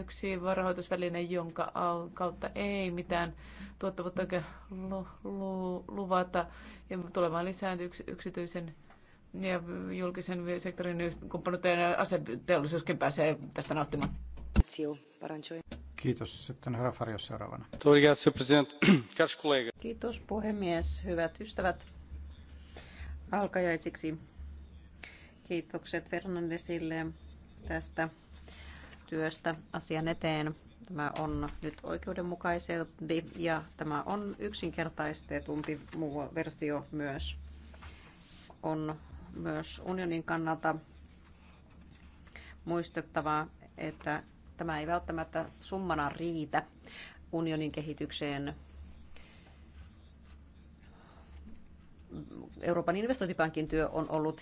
yksi varoitusväline, jonka kautta ei mitään tuottavuutta oikein luvata. Ja tulevaan lisään yks, yksityisen ja julkisen sektorin kumppanuuteen ja aseteollisuuskin pääsee tästä nauttimaan. Kiitos. Sitten herra Farjo seuraavana. Kiitos puhemies. Hyvät ystävät. Alkajaisiksi kiitokset Fernandesille tästä työstä asian eteen. Tämä on nyt oikeudenmukaisempi ja tämä on yksinkertaistetumpi muu versio myös. On myös unionin kannalta muistettava, että tämä ei välttämättä summana riitä unionin kehitykseen. Euroopan investointipankin työ on ollut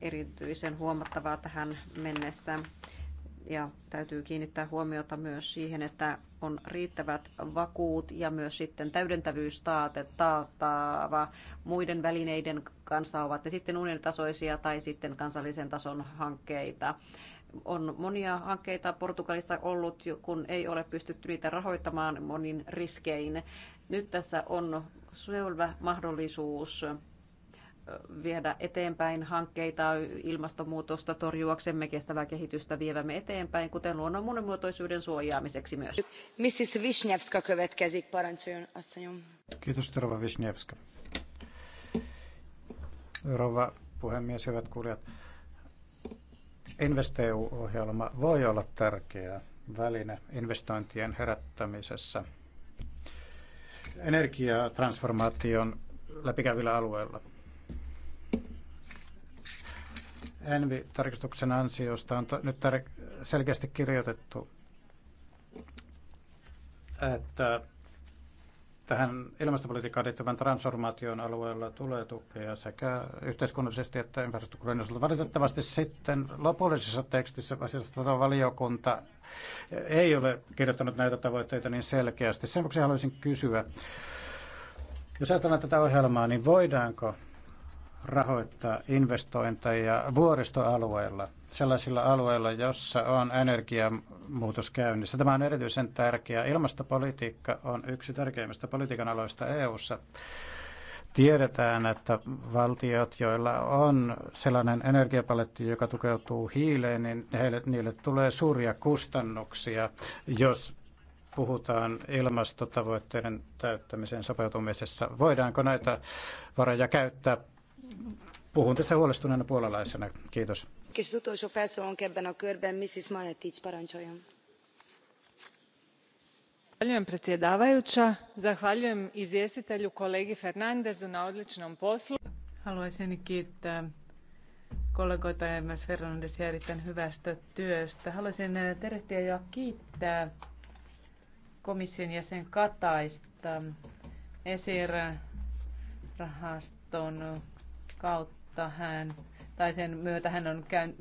erityisen huomattavaa tähän mennessä ja täytyy kiinnittää huomiota myös siihen, että on riittävät vakuut ja myös sitten täydentävyys taate, taattava muiden välineiden kanssa, ovat ne sitten unionitasoisia tai sitten kansallisen tason hankkeita on monia hankkeita Portugalissa ollut, kun ei ole pystytty niitä rahoittamaan monin riskein. Nyt tässä on selvä mahdollisuus viedä eteenpäin hankkeita ilmastonmuutosta torjuaksemme kestävää kehitystä vievämme eteenpäin, kuten luonnon monimuotoisuuden suojaamiseksi myös. Mrs. Wisniewska következik, parancsoljon asszonyom. Kiitos, Rova Wisniewska. Rova puhemies, hyvät kuulijat. InvestEU-ohjelma voi olla tärkeä väline investointien herättämisessä energiatransformaation läpikävillä alueilla. Envi-tarkistuksen ansiosta on nyt selkeästi kirjoitettu, että tähän ilmastopolitiikkaan liittyvän transformaation alueella tulee tukea sekä yhteiskunnallisesti että infrastruktuurin osalta. Valitettavasti sitten lopullisessa tekstissä asiasta valiokunta ei ole kirjoittanut näitä tavoitteita niin selkeästi. Sen vuoksi haluaisin kysyä, jos ajatellaan tätä ohjelmaa, niin voidaanko rahoittaa investointeja vuoristoalueilla, sellaisilla alueilla, jossa on energiamuutos käynnissä. Tämä on erityisen tärkeää. Ilmastopolitiikka on yksi tärkeimmistä politiikan aloista EU:ssa. Tiedetään, että valtiot, joilla on sellainen energiapaletti, joka tukeutuu hiileen, niin heille, niille tulee suuria kustannuksia, jos puhutaan ilmastotavoitteiden täyttämiseen sopeutumisessa. Voidaanko näitä varoja käyttää Puhun tässä huolestuneena puolalaisena. Kiitos. Zahvaljujem predsjedavajuća, zahvaljujem izvjestitelju kolegi Fernandezu na odličnom poslu. Haluaisin kiittää kollegoita ja myös Fernandesia erittäin hyvästä työstä. Haluaisin eh, tervehtiä ja kiittää komission jäsen Kataista esirahaston kautta hän tai sen myötä hän on käyn,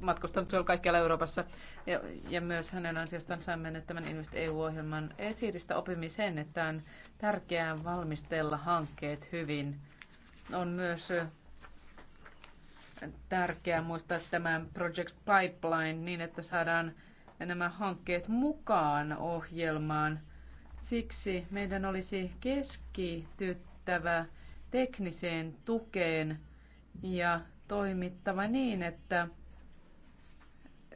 matkustanut siellä kaikkialla Euroopassa. Ja, ja myös hänen ansiostaan saimme nyt tämän Invest EU-ohjelman esiristä opimisen, että on tärkeää valmistella hankkeet hyvin. On myös tärkeää muistaa tämä Project Pipeline niin, että saadaan nämä hankkeet mukaan ohjelmaan. Siksi meidän olisi keskityttävä tekniseen tukeen ja toimittava niin, että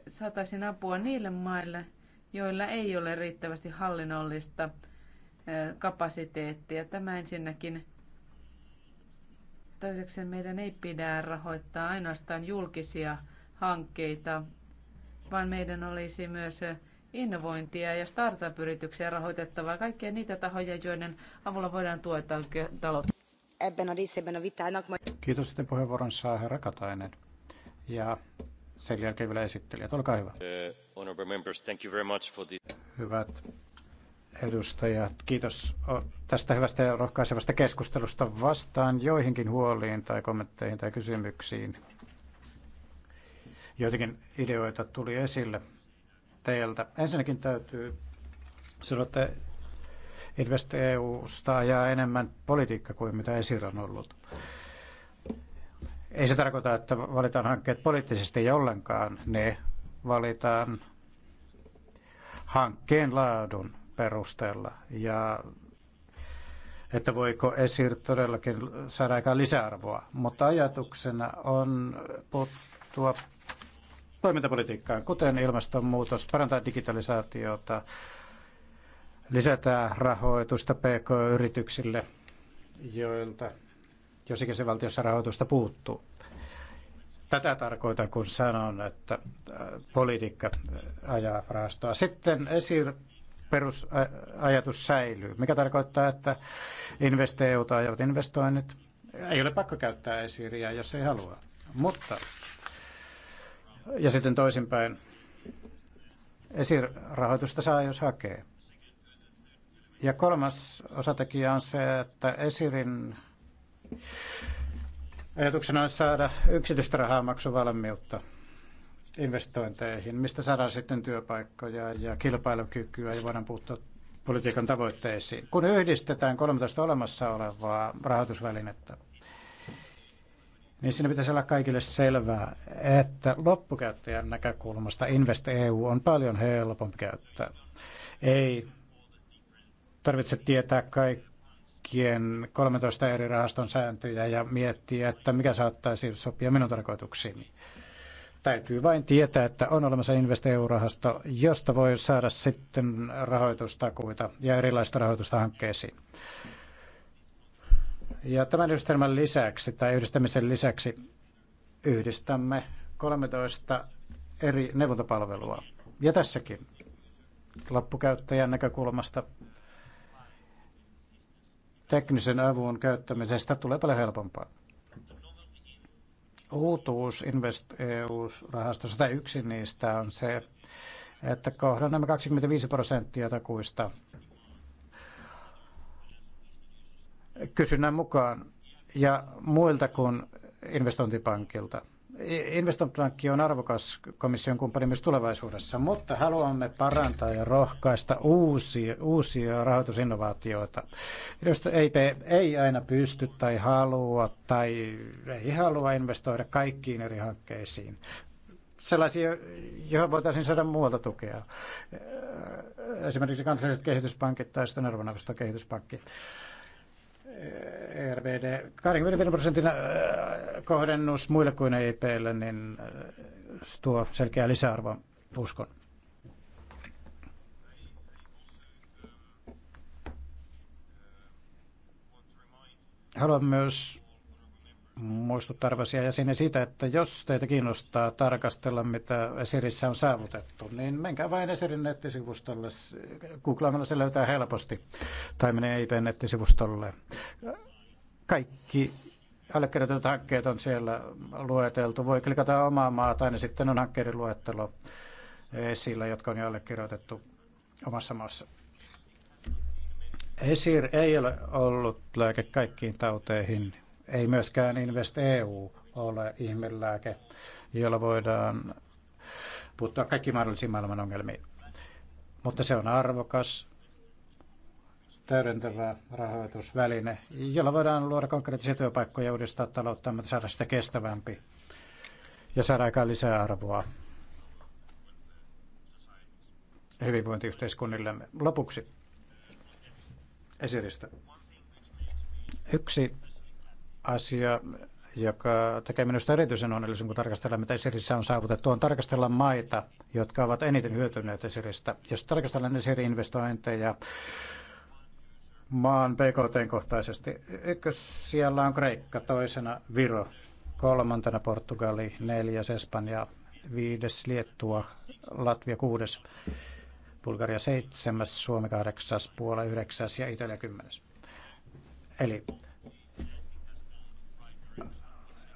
saataisiin apua niille maille, joilla ei ole riittävästi hallinnollista kapasiteettia. Tämä ensinnäkin. Toiseksi meidän ei pidä rahoittaa ainoastaan julkisia hankkeita, vaan meidän olisi myös innovointia ja startup-yrityksiä rahoitettavaa kaikkia niitä tahoja, joiden avulla voidaan tueta taloutta ebben a részében a vitának. Kiitos sitten puheenvuoron saa herra Katainen. Ja sen jälkeen vielä esittelijät. Olkaa hyvä. Uh, members, thank you very much for the... Hyvät edustajat, kiitos tästä hyvästä ja rohkaisevasta keskustelusta. Vastaan joihinkin huoliin tai kommentteihin tai kysymyksiin. Joitakin ideoita tuli esille teiltä. Ensinnäkin täytyy sanoa, että Invest EUsta ajaa enemmän politiikka kuin mitä Esir on ollut. Ei se tarkoita, että valitaan hankkeet poliittisesti ja ollenkaan. Ne valitaan hankkeen laadun perusteella ja että voiko Esir todellakin saada aikaan lisäarvoa. Mutta ajatuksena on puuttua toimintapolitiikkaan, kuten ilmastonmuutos, parantaa digitalisaatiota, lisätään rahoitusta PK-yrityksille, joilta jossakin se valtiossa rahoitusta puuttuu. Tätä tarkoitan, kun sanon, että äh, politiikka äh, ajaa rahastoa. Sitten esir perusajatus säilyy, mikä tarkoittaa, että investeut ajavat investoinnit. Ei ole pakko käyttää esiriä, jos ei halua. Mutta, ja sitten toisinpäin, esirahoitusta saa, jos hakee. Ja kolmas osatekijä on se, että Esirin ajatuksena on saada yksityistä rahaa maksuvalmiutta investointeihin, mistä saadaan sitten työpaikkoja ja kilpailukykyä ja voidaan puuttua politiikan tavoitteisiin. Kun yhdistetään 13 olemassa olevaa rahoitusvälinettä, niin siinä pitäisi olla kaikille selvää, että loppukäyttäjän näkökulmasta Invest EU on paljon helpompi käyttää. Ei tarvitse tietää kaikkien 13 eri rahaston sääntöjä ja miettiä, että mikä saattaisi sopia minun tarkoituksiini. Täytyy vain tietää, että on olemassa Invest rahasto josta voi saada sitten rahoitustakuita ja erilaista rahoitusta hankkeisiin. Ja tämän yhdistelmän lisäksi tai yhdistämisen lisäksi yhdistämme 13 eri neuvontapalvelua. Ja tässäkin loppukäyttäjän näkökulmasta teknisen avun käyttämisestä tulee paljon helpompaa. Uutuus Invest EU-rahastossa tai yksi niistä on se, että kohdannamme 25 prosenttia takuista kysynnän mukaan ja muilta kuin investointipankilta. Investointipankki on arvokas komission kumppani myös tulevaisuudessa, mutta haluamme parantaa ja rohkaista uusia, uusia rahoitusinnovaatioita, joista EIP ei aina pysty tai halua tai ei halua investoida kaikkiin eri hankkeisiin. Sellaisia, joihin voitaisiin saada muualta tukea. Esimerkiksi kansalliset kehityspankit tai sitten arvoneuvosto kehityspankki. E RVD 25 prosentin äh, kohdennus muille kuin EIPlle, niin äh, tuo selkeä lisäarvo, uskon. Haluan myös muistuttaa ja jäseniä siitä, että jos teitä kiinnostaa tarkastella, mitä Esirissä on saavutettu, niin menkää vain Esirin nettisivustolle. Googlaamalla se löytää helposti. Tai menee IPn nettisivustolle. Kaikki allekirjoitetut hankkeet on siellä lueteltu. Voi klikata omaa maata, niin sitten on hankkeiden luettelo esillä, jotka on jo allekirjoitettu omassa maassa. Esir ei ole ollut lääke kaikkiin tauteihin, ei myöskään Invest EU ole ihmelääke, jolla voidaan puuttua kaikki mahdollisiin maailman ongelmiin. Mutta se on arvokas, täydentävä rahoitusväline, jolla voidaan luoda konkreettisia työpaikkoja ja uudistaa taloutta, mutta saada sitä kestävämpi ja saada aikaan lisää arvoa hyvinvointiyhteiskunnillemme. Lopuksi esiristä. Yksi asia, joka tekee minusta erityisen onnellisen, kun tarkastellaan, mitä Esirissä on saavutettu, on tarkastella maita, jotka ovat eniten hyötyneet Esiristä. Jos tarkastellaan Esirin investointeja maan BKT kohtaisesti, ykkös siellä on Kreikka, toisena Viro, kolmantena Portugali, neljäs Espanja, viides Liettua, Latvia kuudes, Bulgaria seitsemäs, Suomi kahdeksas, Puola yhdeksäs ja Italia kymmenes. Eli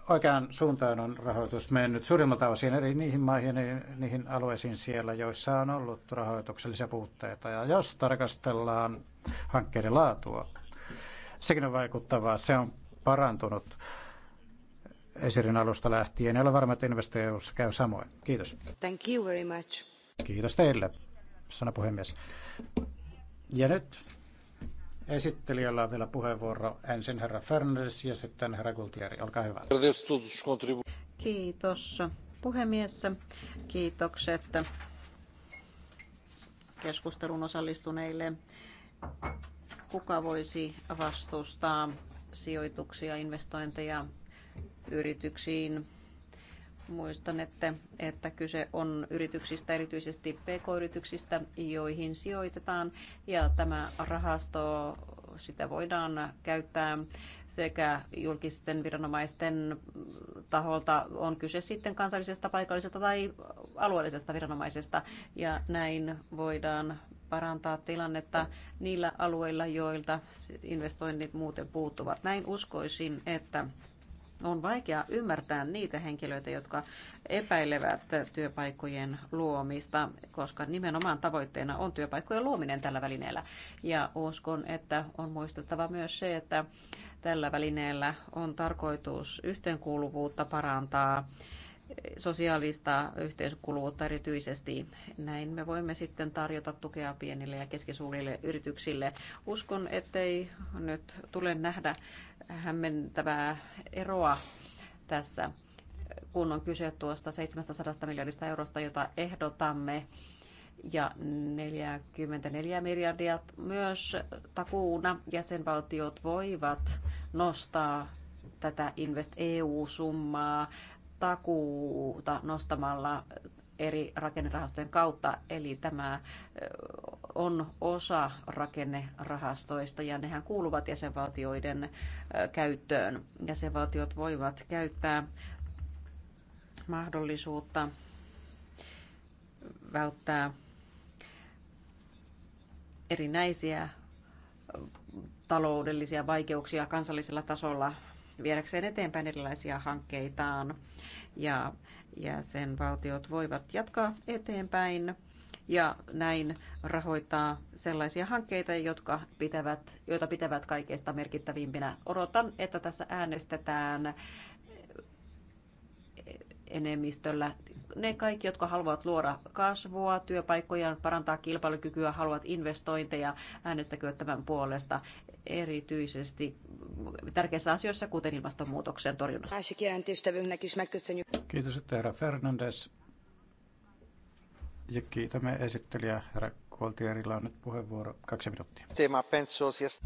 oikean suuntaan on rahoitus mennyt suurimmalta osin eri niihin maihin ja niihin alueisiin siellä, joissa on ollut rahoituksellisia puutteita. Ja jos tarkastellaan hankkeiden laatua, sekin on vaikuttavaa. Se on parantunut esirin alusta lähtien. Ja olen varma, että investoijuus käy samoin. Kiitos. Thank you very much. Kiitos teille, sana puhemies. Ja nyt Esittelijällä on vielä puheenvuoro ensin herra Fernandes ja sitten herra Gultieri. Olkaa hyvä. Kiitos puhemies. Kiitokset keskustelun osallistuneille. Kuka voisi vastustaa sijoituksia, investointeja yrityksiin, Muistan, että, että kyse on yrityksistä, erityisesti pk-yrityksistä, joihin sijoitetaan. Ja tämä rahasto, sitä voidaan käyttää sekä julkisten viranomaisten taholta, on kyse sitten kansallisesta, paikallisesta tai alueellisesta viranomaisesta. Ja näin voidaan parantaa tilannetta niillä alueilla, joilta investoinnit muuten puuttuvat. Näin uskoisin, että on vaikea ymmärtää niitä henkilöitä, jotka epäilevät työpaikkojen luomista, koska nimenomaan tavoitteena on työpaikkojen luominen tällä välineellä. Ja uskon, että on muistettava myös se, että tällä välineellä on tarkoitus yhteenkuuluvuutta parantaa sosiaalista yhteiskuluvuutta erityisesti. Näin me voimme sitten tarjota tukea pienille ja keskisuurille yrityksille. Uskon, ettei nyt tule nähdä hämmentävää eroa tässä, kun on kyse tuosta 700 miljardista eurosta, jota ehdotamme ja 44 miljardia myös takuuna jäsenvaltiot voivat nostaa tätä Invest EU-summaa takuuta nostamalla eri rakennerahastojen kautta, eli tämä on osa rakennerahastoista ja nehän kuuluvat jäsenvaltioiden käyttöön. Jäsenvaltiot voivat käyttää mahdollisuutta välttää erinäisiä taloudellisia vaikeuksia kansallisella tasolla viedäkseen eteenpäin erilaisia hankkeitaan ja jäsenvaltiot voivat jatkaa eteenpäin ja näin rahoittaa sellaisia hankkeita, jotka pitävät, joita pitävät kaikista merkittävimpinä. Odotan, että tässä äänestetään enemmistöllä ne kaikki, jotka haluavat luoda kasvua, työpaikkoja, parantaa kilpailukykyä, haluavat investointeja, äänestäkööt tämän puolesta erityisesti tärkeissä asioissa, kuten ilmastonmuutoksen torjunnassa. Kiitos, että herra Fernandes. Ja kiitämme esittelijä herra Kuoltierillä on nyt puheenvuoro kaksi minuuttia.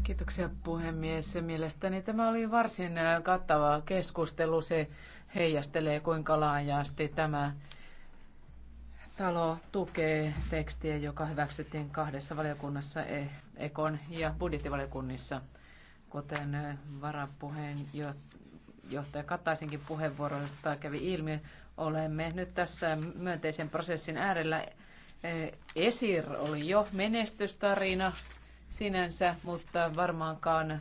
Kiitoksia puhemies. Mielestäni tämä oli varsin äh, kattava keskustelu. Se heijastelee kuinka laajasti tämä talo tukee tekstiä, joka hyväksyttiin kahdessa valiokunnassa eh, Ekon ja budjettivaliokunnissa. Kuten varapuheenjohtaja Kataisinkin puheenvuorosta kävi ilmi, olemme nyt tässä myönteisen prosessin äärellä. Esir oli jo menestystarina sinänsä, mutta varmaankaan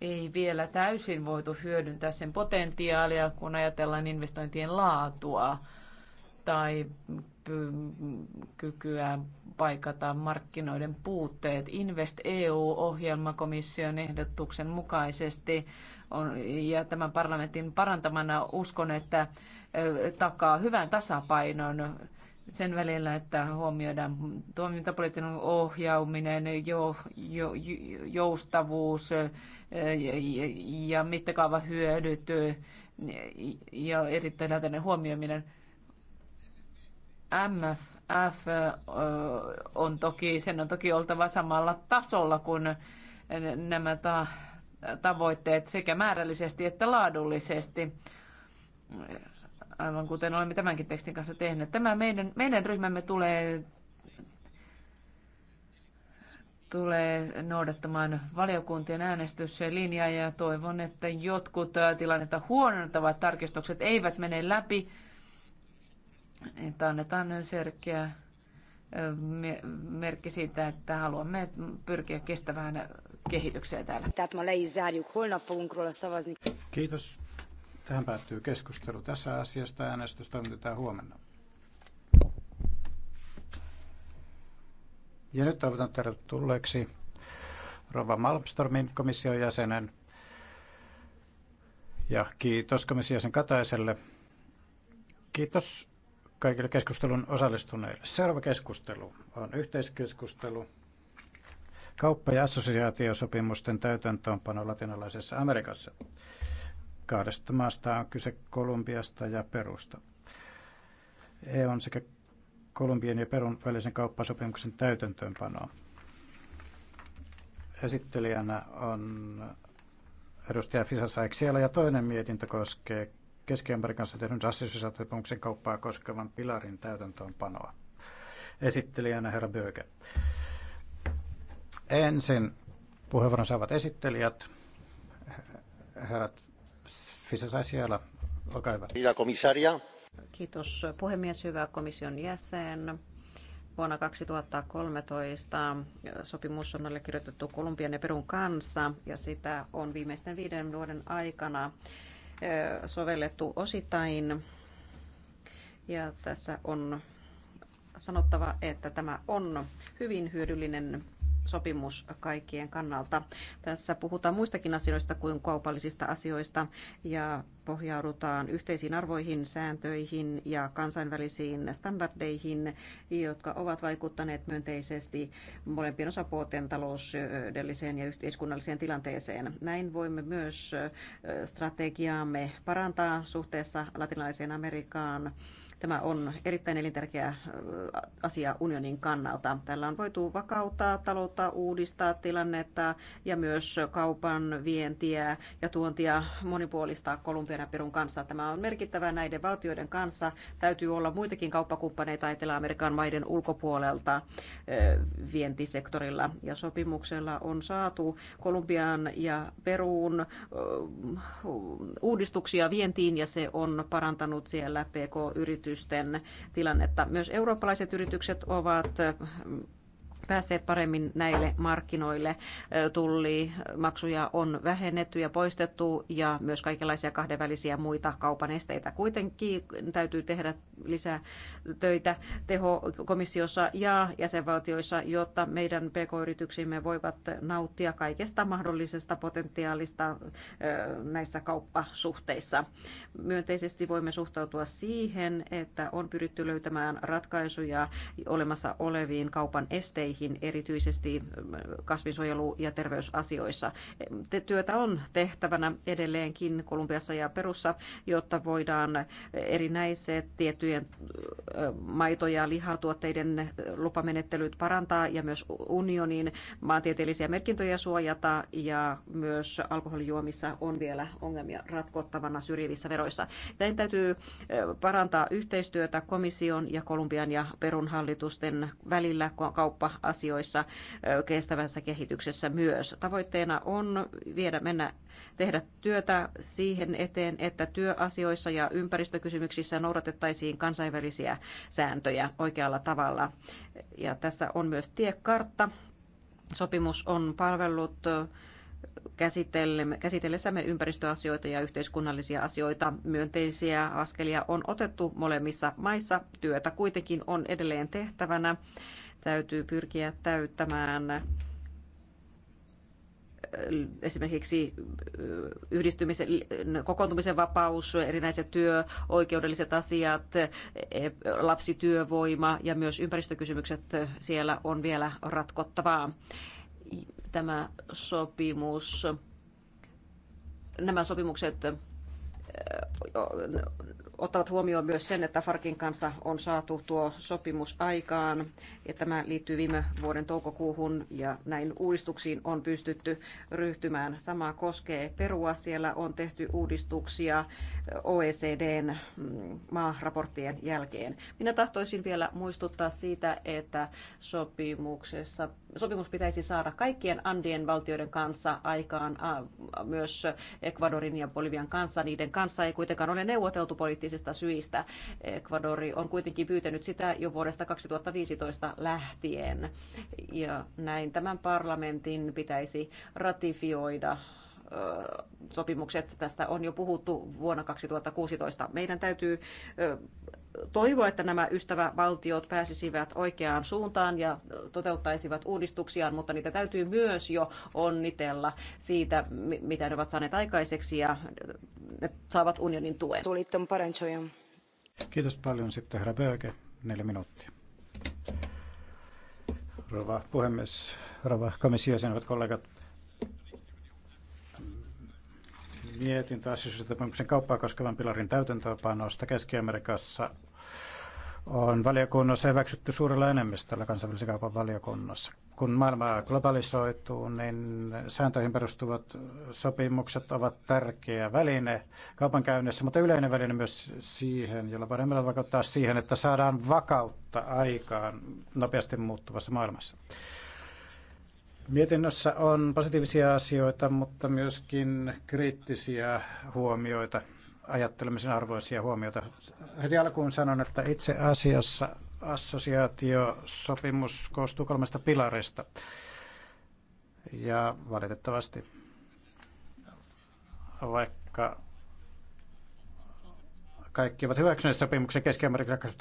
ei vielä täysin voitu hyödyntää sen potentiaalia, kun ajatellaan investointien laatua tai kykyä paikata markkinoiden puutteet. Invest EU-ohjelmakomission ehdotuksen mukaisesti on, ja tämän parlamentin parantamana uskon, että takaa hyvän tasapainon sen välillä, että huomioidaan toimintapoliittinen ohjaaminen, jo, jo, joustavuus ja hyödyt ja erittäin huomioiminen – MFF on toki, sen on toki oltava samalla tasolla kuin nämä ta- tavoitteet sekä määrällisesti että laadullisesti aivan kuten olemme tämänkin tekstin kanssa tehneet. Tämä meidän, meidän ryhmämme tulee, tulee noudattamaan valiokuntien äänestyslinjaa ja toivon, että jotkut tilannetta huonontavat tarkistukset eivät mene läpi että annetaan selkeä merkki siitä, että haluamme pyrkiä kestävään kehitykseen täällä. Kiitos. Tähän päättyy keskustelu tässä asiasta. Äänestys toimitetaan huomenna. Ja nyt toivotan tervetulleeksi Rova Malmstormin komission jäsenen. Ja kiitos komission jäsen Kataiselle. Kiitos kaikille keskustelun osallistuneille. Seuraava keskustelu on yhteiskeskustelu kauppa- ja assosiaatiosopimusten täytäntöönpano latinalaisessa Amerikassa. Kahdesta maasta on kyse Kolumbiasta ja Perusta. EU on sekä Kolumbian ja Perun välisen kauppasopimuksen täytäntöönpanoa. Esittelijänä on edustaja Fisa Saiksiala ja toinen mietintö koskee Keski-Amerikan kanssa tehdyn rassisisältöpumuksen kauppaa koskevan pilarin täytäntöönpanoa. Esittelijänä herra Böge. Ensin puheenvuoron saavat esittelijät, herrat Fisasai siellä, olkaa hyvä. Kiitos puhemies, hyvä komission jäsen. Vuonna 2013 sopimus on allekirjoitettu Kolumbian ja Perun kanssa ja sitä on viimeisten viiden vuoden aikana sovellettu osittain. Ja tässä on sanottava, että tämä on hyvin hyödyllinen sopimus kaikkien kannalta. Tässä puhutaan muistakin asioista kuin kaupallisista asioista ja pohjaudutaan yhteisiin arvoihin, sääntöihin ja kansainvälisiin standardeihin, jotka ovat vaikuttaneet myönteisesti molempien osapuolten taloudelliseen ja yhteiskunnalliseen tilanteeseen. Näin voimme myös strategiaamme parantaa suhteessa latinalaiseen Amerikkaan Tämä on erittäin elintärkeä asia unionin kannalta. Tällä on voitu vakauttaa taloutta, uudistaa tilannetta ja myös kaupan vientiä ja tuontia monipuolistaa Kolumbian ja Perun kanssa. Tämä on merkittävää näiden valtioiden kanssa. Täytyy olla muitakin kauppakumppaneita Etelä-Amerikan maiden ulkopuolelta vientisektorilla. Ja sopimuksella on saatu Kolumbian ja Peruun uudistuksia vientiin ja se on parantanut siellä PK-yritys yritysten tilannetta. Myös eurooppalaiset yritykset ovat pääsee paremmin näille markkinoille. Tullimaksuja on vähennetty ja poistettu ja myös kaikenlaisia kahdenvälisiä muita kaupan esteitä. Kuitenkin täytyy tehdä lisää töitä komissiossa ja jäsenvaltioissa, jotta meidän pk-yrityksimme voivat nauttia kaikesta mahdollisesta potentiaalista näissä kauppasuhteissa. Myönteisesti voimme suhtautua siihen, että on pyritty löytämään ratkaisuja olemassa oleviin kaupan esteihin meihin, erityisesti kasvinsuojelu- ja terveysasioissa. Työtä on tehtävänä edelleenkin Kolumbiassa ja Perussa, jotta voidaan erinäiset tiettyjen maito- ja lihatuotteiden lupamenettelyt parantaa ja myös unionin maantieteellisiä merkintöjä suojata ja myös alkoholijuomissa on vielä ongelmia ratkottavana syrjivissä veroissa. Teidän täytyy parantaa yhteistyötä komission ja Kolumbian ja Perun hallitusten välillä kauppa- asioissa kestävässä kehityksessä myös. Tavoitteena on viedä mennä tehdä työtä siihen eteen, että työasioissa ja ympäristökysymyksissä noudatettaisiin kansainvälisiä sääntöjä oikealla tavalla. Ja tässä on myös tiekartta. Sopimus on palvellut käsitellessämme ympäristöasioita ja yhteiskunnallisia asioita. Myönteisiä askelia on otettu molemmissa maissa. Työtä kuitenkin on edelleen tehtävänä täytyy pyrkiä täyttämään esimerkiksi yhdistymisen, kokoontumisen vapaus, erinäiset työoikeudelliset asiat, e, e, lapsityövoima ja myös ympäristökysymykset siellä on vielä ratkottavaa. Tämä sopimus, nämä sopimukset ottavat huomioon myös sen, että Farkin kanssa on saatu tuo sopimus aikaan. Ja tämä liittyy viime vuoden toukokuuhun ja näin uudistuksiin on pystytty ryhtymään. Sama koskee Perua. Siellä on tehty uudistuksia OECDn mm, maaraporttien jälkeen. Minä tahtoisin vielä muistuttaa siitä, että sopimuksessa sopimus pitäisi saada kaikkien Andien valtioiden kanssa aikaan, myös Ecuadorin ja Bolivian kanssa. Niiden kanssa ei kuitenkaan ole neuvoteltu poliittisista syistä. Ecuadori on kuitenkin pyytänyt sitä jo vuodesta 2015 lähtien. Ja näin tämän parlamentin pitäisi ratifioida sopimukset. Tästä on jo puhuttu vuonna 2016. Meidän täytyy toivoa, että nämä ystävävaltiot pääsisivät oikeaan suuntaan ja toteuttaisivat uudistuksiaan, mutta niitä täytyy myös jo onnitella siitä, mitä ne ovat saaneet aikaiseksi ja ne saavat unionin tuen. Kiitos paljon sitten herra Böge, neljä minuuttia. Rova puhemies, rova komission kollegat. mietintö asioiden kauppaa koskevan pilarin täytäntöönpanosta Keski-Amerikassa on valiokunnassa hyväksytty suurella enemmistöllä kansainvälisen kaupan valiokunnassa. Kun maailma globalisoituu, niin sääntöihin perustuvat sopimukset ovat tärkeä väline kaupankäynnissä, mutta yleinen väline myös siihen, jolla voidaan vaikuttaa siihen, että saadaan vakautta aikaan nopeasti muuttuvassa maailmassa. Mietinnössä on positiivisia asioita, mutta myöskin kriittisiä huomioita, ajattelemisen arvoisia huomioita. Heti alkuun sanon, että itse asiassa assosiaatiosopimus koostuu kolmesta pilarista. Ja valitettavasti, vaikka kaikki ovat hyväksyneet sopimuksen keski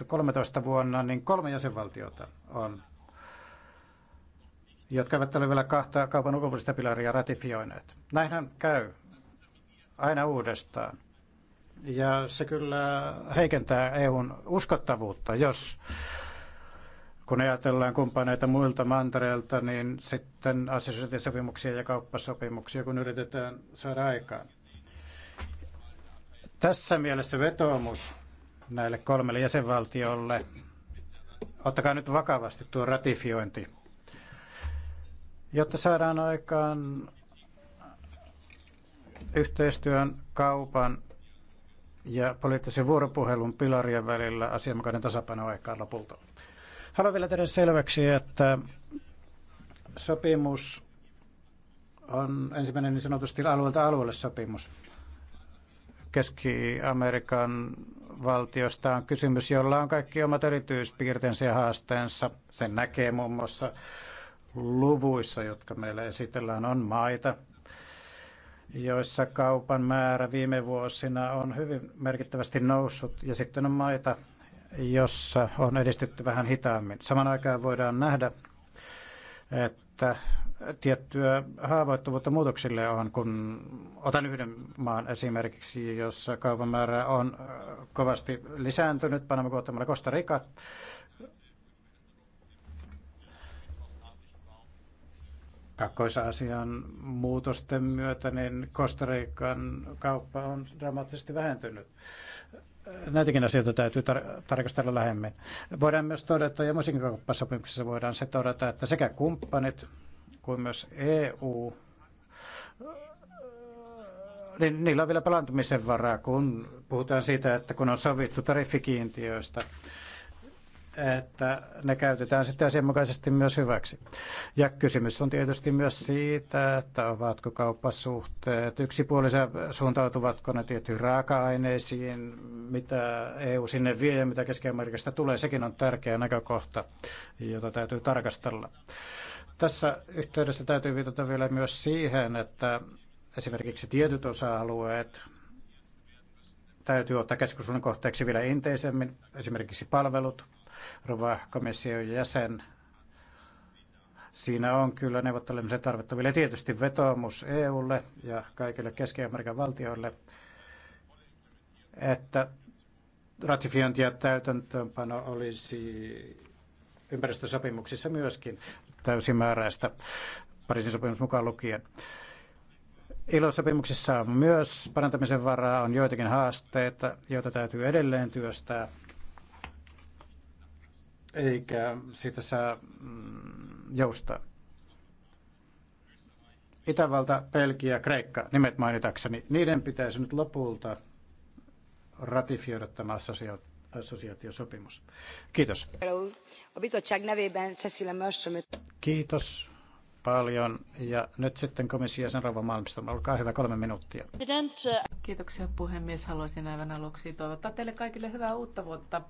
13 vuonna, niin kolme jäsenvaltiota on jotka eivät ole vielä kahta kaupan ulkopuolista pilaria ratifioineet. Näinhän käy aina uudestaan. Ja se kyllä heikentää EUn uskottavuutta, jos kun ajatellaan kumppaneita muilta mantereilta, niin sitten sopimuksia ja kauppasopimuksia, kun yritetään saada aikaan. Tässä mielessä vetoomus näille kolmelle jäsenvaltiolle, ottakaa nyt vakavasti tuo ratifiointi jotta saadaan aikaan yhteistyön, kaupan ja poliittisen vuoropuhelun pilarien välillä asianmukainen tasapaino aikaan lopulta. Haluan vielä tehdä selväksi, että sopimus on ensimmäinen niin sanotusti alueelta alueelle sopimus. Keski-Amerikan valtiosta on kysymys, jolla on kaikki omat erityispiirteensä ja haasteensa. Sen näkee muun muassa luvuissa, jotka meillä esitellään, on maita, joissa kaupan määrä viime vuosina on hyvin merkittävästi noussut, ja sitten on maita, jossa on edistytty vähän hitaammin. Saman aikaan voidaan nähdä, että tiettyä haavoittuvuutta muutoksille on, kun otan yhden maan esimerkiksi, jossa kaupan määrä on äh, kovasti lisääntynyt, Panama, Guatemala, Costa Rica. Kakkoisasian muutosten myötä niin Kostariikan kauppa on dramaattisesti vähentynyt. Näitäkin asioita täytyy tar- tarkastella lähemmin. Voidaan myös todeta, ja musiikin kauppasopimuksissa voidaan se todeta, että sekä kumppanit kuin myös EU niin niillä on vielä palantumisen varaa, kun puhutaan siitä, että kun on sovittu tariffikiintiöistä että ne käytetään sitten asianmukaisesti myös hyväksi. Ja kysymys on tietysti myös siitä, että ovatko kauppasuhteet yksipuolisia, suuntautuvatko ne tiettyihin raaka-aineisiin, mitä EU sinne vie ja mitä Keski-Amerikasta tulee. Sekin on tärkeä näkökohta, jota täytyy tarkastella. Tässä yhteydessä täytyy viitata vielä myös siihen, että esimerkiksi tietyt osa-alueet, täytyy ottaa keskustelun kohteeksi vielä inteisemmin, esimerkiksi palvelut, rova komission jäsen. Siinä on kyllä neuvottelemisen tarvetta vielä tietysti vetoomus EUlle ja kaikille Keski-Amerikan valtioille, että ratifiointi ja täytäntöönpano olisi ympäristösopimuksissa myöskin täysimääräistä Pariisin sopimus mukaan lukien. Ilosopimuksissa on myös parantamisen varaa, on joitakin haasteita, joita täytyy edelleen työstää eikä siitä saa mm, joustaa. Itävalta, Belgia, Kreikka, nimet mainitakseni, niiden pitäisi nyt lopulta ratifioida tämä assosiaatiosopimus. Kiitos. Kiitos paljon. Ja nyt sitten komissio sen Rova Malmström, olkaa hyvä kolme minuuttia. Äh- Kiitoksia puhemies. Haluaisin aivan aluksi toivottaa teille kaikille hyvää uutta vuotta.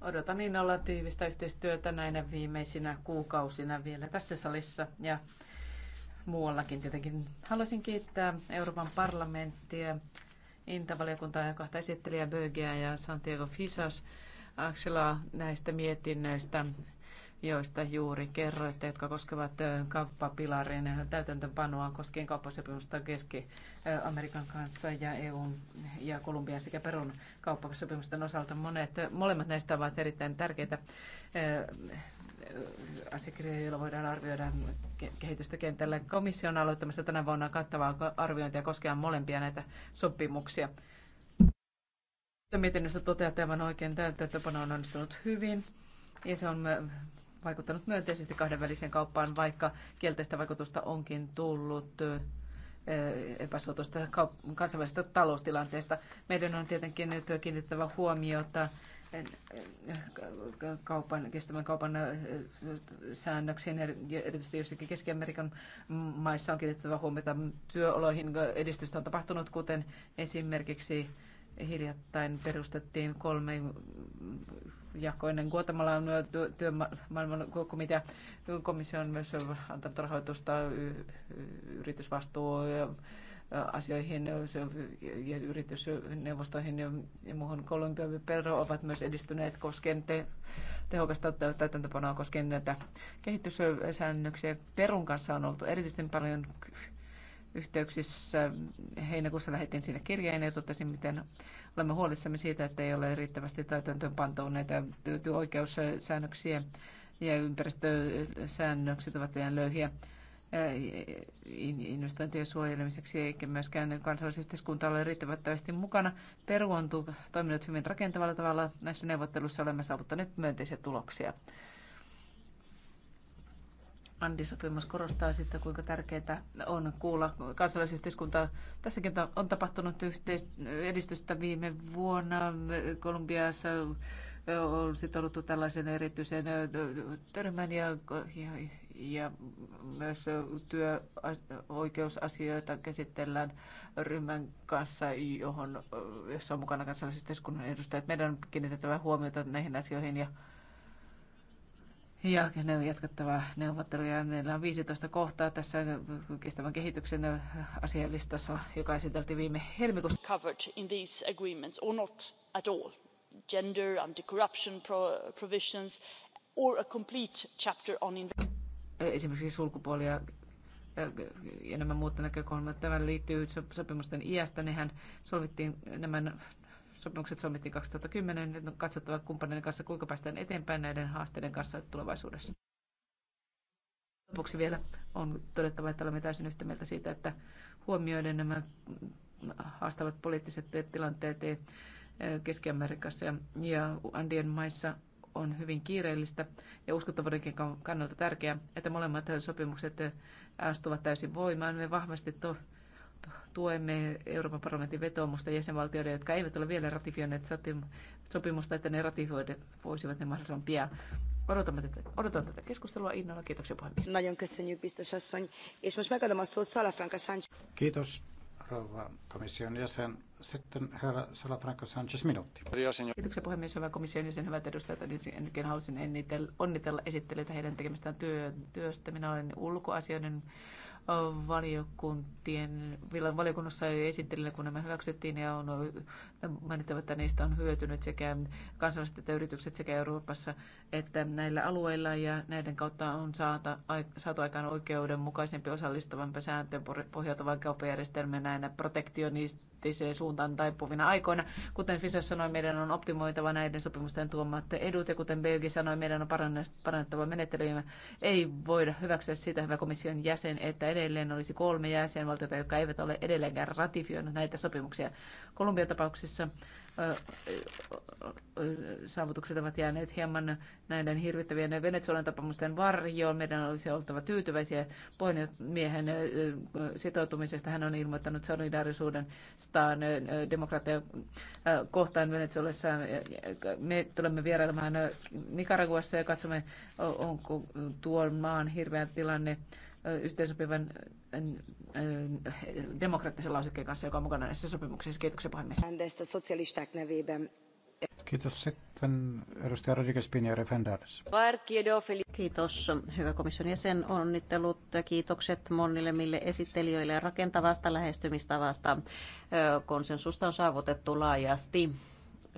Odotan innolla tiivistä yhteistyötä näinä viimeisinä kuukausina vielä tässä salissa ja muuallakin tietenkin. Haluaisin kiittää Euroopan parlamenttia, Intavaliokuntaa ja kahta esittelijää Bögeä ja Santiago Fisas Axelaa näistä mietinnöistä joista juuri kerroitte, jotka koskevat kauppapilarin täytäntöpanoa koskien kauppasopimusta Keski-Amerikan kanssa ja EUn ja Kolumbian sekä Perun kauppasopimusten osalta. Monet, molemmat näistä ovat erittäin tärkeitä asiakirjoja, joilla voidaan arvioida kehitystä kentällä. Komissio on aloittamassa tänä vuonna kattavaa arviointia koskien molempia näitä sopimuksia. Mietinnössä toteatte aivan oikein, että täytäntöpano on onnistunut hyvin ja se on vaikuttanut myönteisesti kahdenväliseen kauppaan, vaikka kielteistä vaikutusta onkin tullut epäsuotuista kansainvälisestä taloustilanteesta. Meidän on tietenkin nyt kiinnitettävä huomiota kaupan, kestävän kaupan säännöksiin, erityisesti jossakin Keski-Amerikan maissa on kiinnitettävä huomiota työoloihin. Edistystä on tapahtunut, kuten esimerkiksi hiljattain perustettiin kolme jakoinen Guatemala työmaailman komitea. Komissio on myös antanut rahoitusta yritysvastuun ja asioihin ja yritysneuvostoihin ja muuhun. Kolumbia ja Perro ovat myös edistyneet koskien te- tehokasta täytäntöpanoa koskien näitä kehityssäännöksiä. Perun kanssa on ollut erityisesti paljon yhteyksissä. Heinäkuussa lähetin sinne kirjeen ja totesin, miten Olemme huolissamme siitä, että ei ole riittävästi täytäntöön pantoon näitä työoikeussäännöksiä ja ympäristösäännökset ovat liian löyhiä investointien suojelemiseksi, eikä myöskään kansalaisyhteiskunta ole riittävästi mukana. Peru on toiminut hyvin rakentavalla tavalla. Näissä neuvotteluissa olemme saavuttaneet myönteisiä tuloksia. Andisopimus korostaa sitä, kuinka tärkeää on kuulla kansalaisyhteiskuntaa. Tässäkin on tapahtunut yhteis- edistystä viime vuonna Kolumbiassa on sitouduttu tällaisen erityisen törmän ja, ja, ja myös työoikeusasioita käsitellään ryhmän kanssa, johon, jossa on mukana kansalaisyhteiskunnan edustajat. Meidän on kiinnitettävä huomiota näihin asioihin ja ja ne on jatkettava neuvotteluja. Meillä on 15 kohtaa tässä kestävän kehityksen asialistassa, joka esiteltiin viime helmikuussa. Covered in these agreements or not at all. Gender, anti-corruption provisions or a complete chapter on... Esimerkiksi sulkupuolia ja nämä muut näkökulmat. Tämä liittyy sopimusten iästä. Nehän solvittiin nämä Sopimukset solmittiin 2010. Nyt on katsottava kumppaneiden kanssa, kuinka päästään eteenpäin näiden haasteiden kanssa tulevaisuudessa. Lopuksi vielä on todettava, että olemme täysin yhtä mieltä siitä, että huomioiden nämä haastavat poliittiset tilanteet e, Keski-Amerikassa ja Andien maissa on hyvin kiireellistä ja uskottavuudenkin kannalta tärkeää, että molemmat sopimukset e, astuvat täysin voimaan. Me vahvasti to- tuemme Euroopan parlamentin vetoomusta jäsenvaltioiden, jotka eivät ole vielä ratifioineet sopimusta, että ne ratifioivat voisivat ne mahdollisimman pian. Odotamme tätä, odotan tätä keskustelua innolla. Kiitoksia puhemies. Nagyon köszönjük, biztos asszony. És most megadom a szót Salafranca Sánchez. Kiitos, rouva komission jäsen. Sitten herra Salafranca Sanchez, minuutti. Kiitoksia puhemies, hyvä komission jäsen, hyvät edustajat. Ensinnäkin halusin onnitella esittelyitä heidän tekemistään työ, työstä. Minä olen ulkoasioiden valiokuntien, valiokunnassa esittelijänä, kun nämä hyväksyttiin ja on mainittava, että niistä on hyötynyt sekä kansalaiset että yritykset sekä Euroopassa että näillä alueilla ja näiden kautta on saata, saatu aikaan oikeudenmukaisempi osallistavampi sääntöön pohjautuvan kauppajärjestelmän näinä protektionistisia kriittiseen suuntaan taipuvina aikoina. Kuten Fisa sanoi, meidän on optimoitava näiden sopimusten tuomat edut, ja kuten Bögi sanoi, meidän on parannettava menettelyä. Ei voida hyväksyä sitä, hyvä komission jäsen, että edelleen olisi kolme jäsenvaltiota, jotka eivät ole edelleenkään ratifioineet näitä sopimuksia. Kolumbian tapauksessa saavutukset ovat jääneet hieman näiden hirvittävien Venezuelan tapamusten varjoon. Meidän olisi oltava tyytyväisiä miehen sitoutumisesta. Hän on ilmoittanut solidaarisuuden staan demokratia kohtaan Venezuelassa. Me tulemme vierailemaan Nicaraguassa ja katsomme, onko tuon maan hirveä tilanne yhteensopivan demokraattisen lausekkeen kanssa, joka on mukana näissä sopimuksissa. Kiitoksia puhemies. Kiitos sitten edustaja Rodriguez Pinheiro Fenders. Kiitos hyvä komission jäsen. Onnittelut kiitokset monille mille esittelijöille rakentavasta lähestymistavasta. Konsensusta on saavutettu laajasti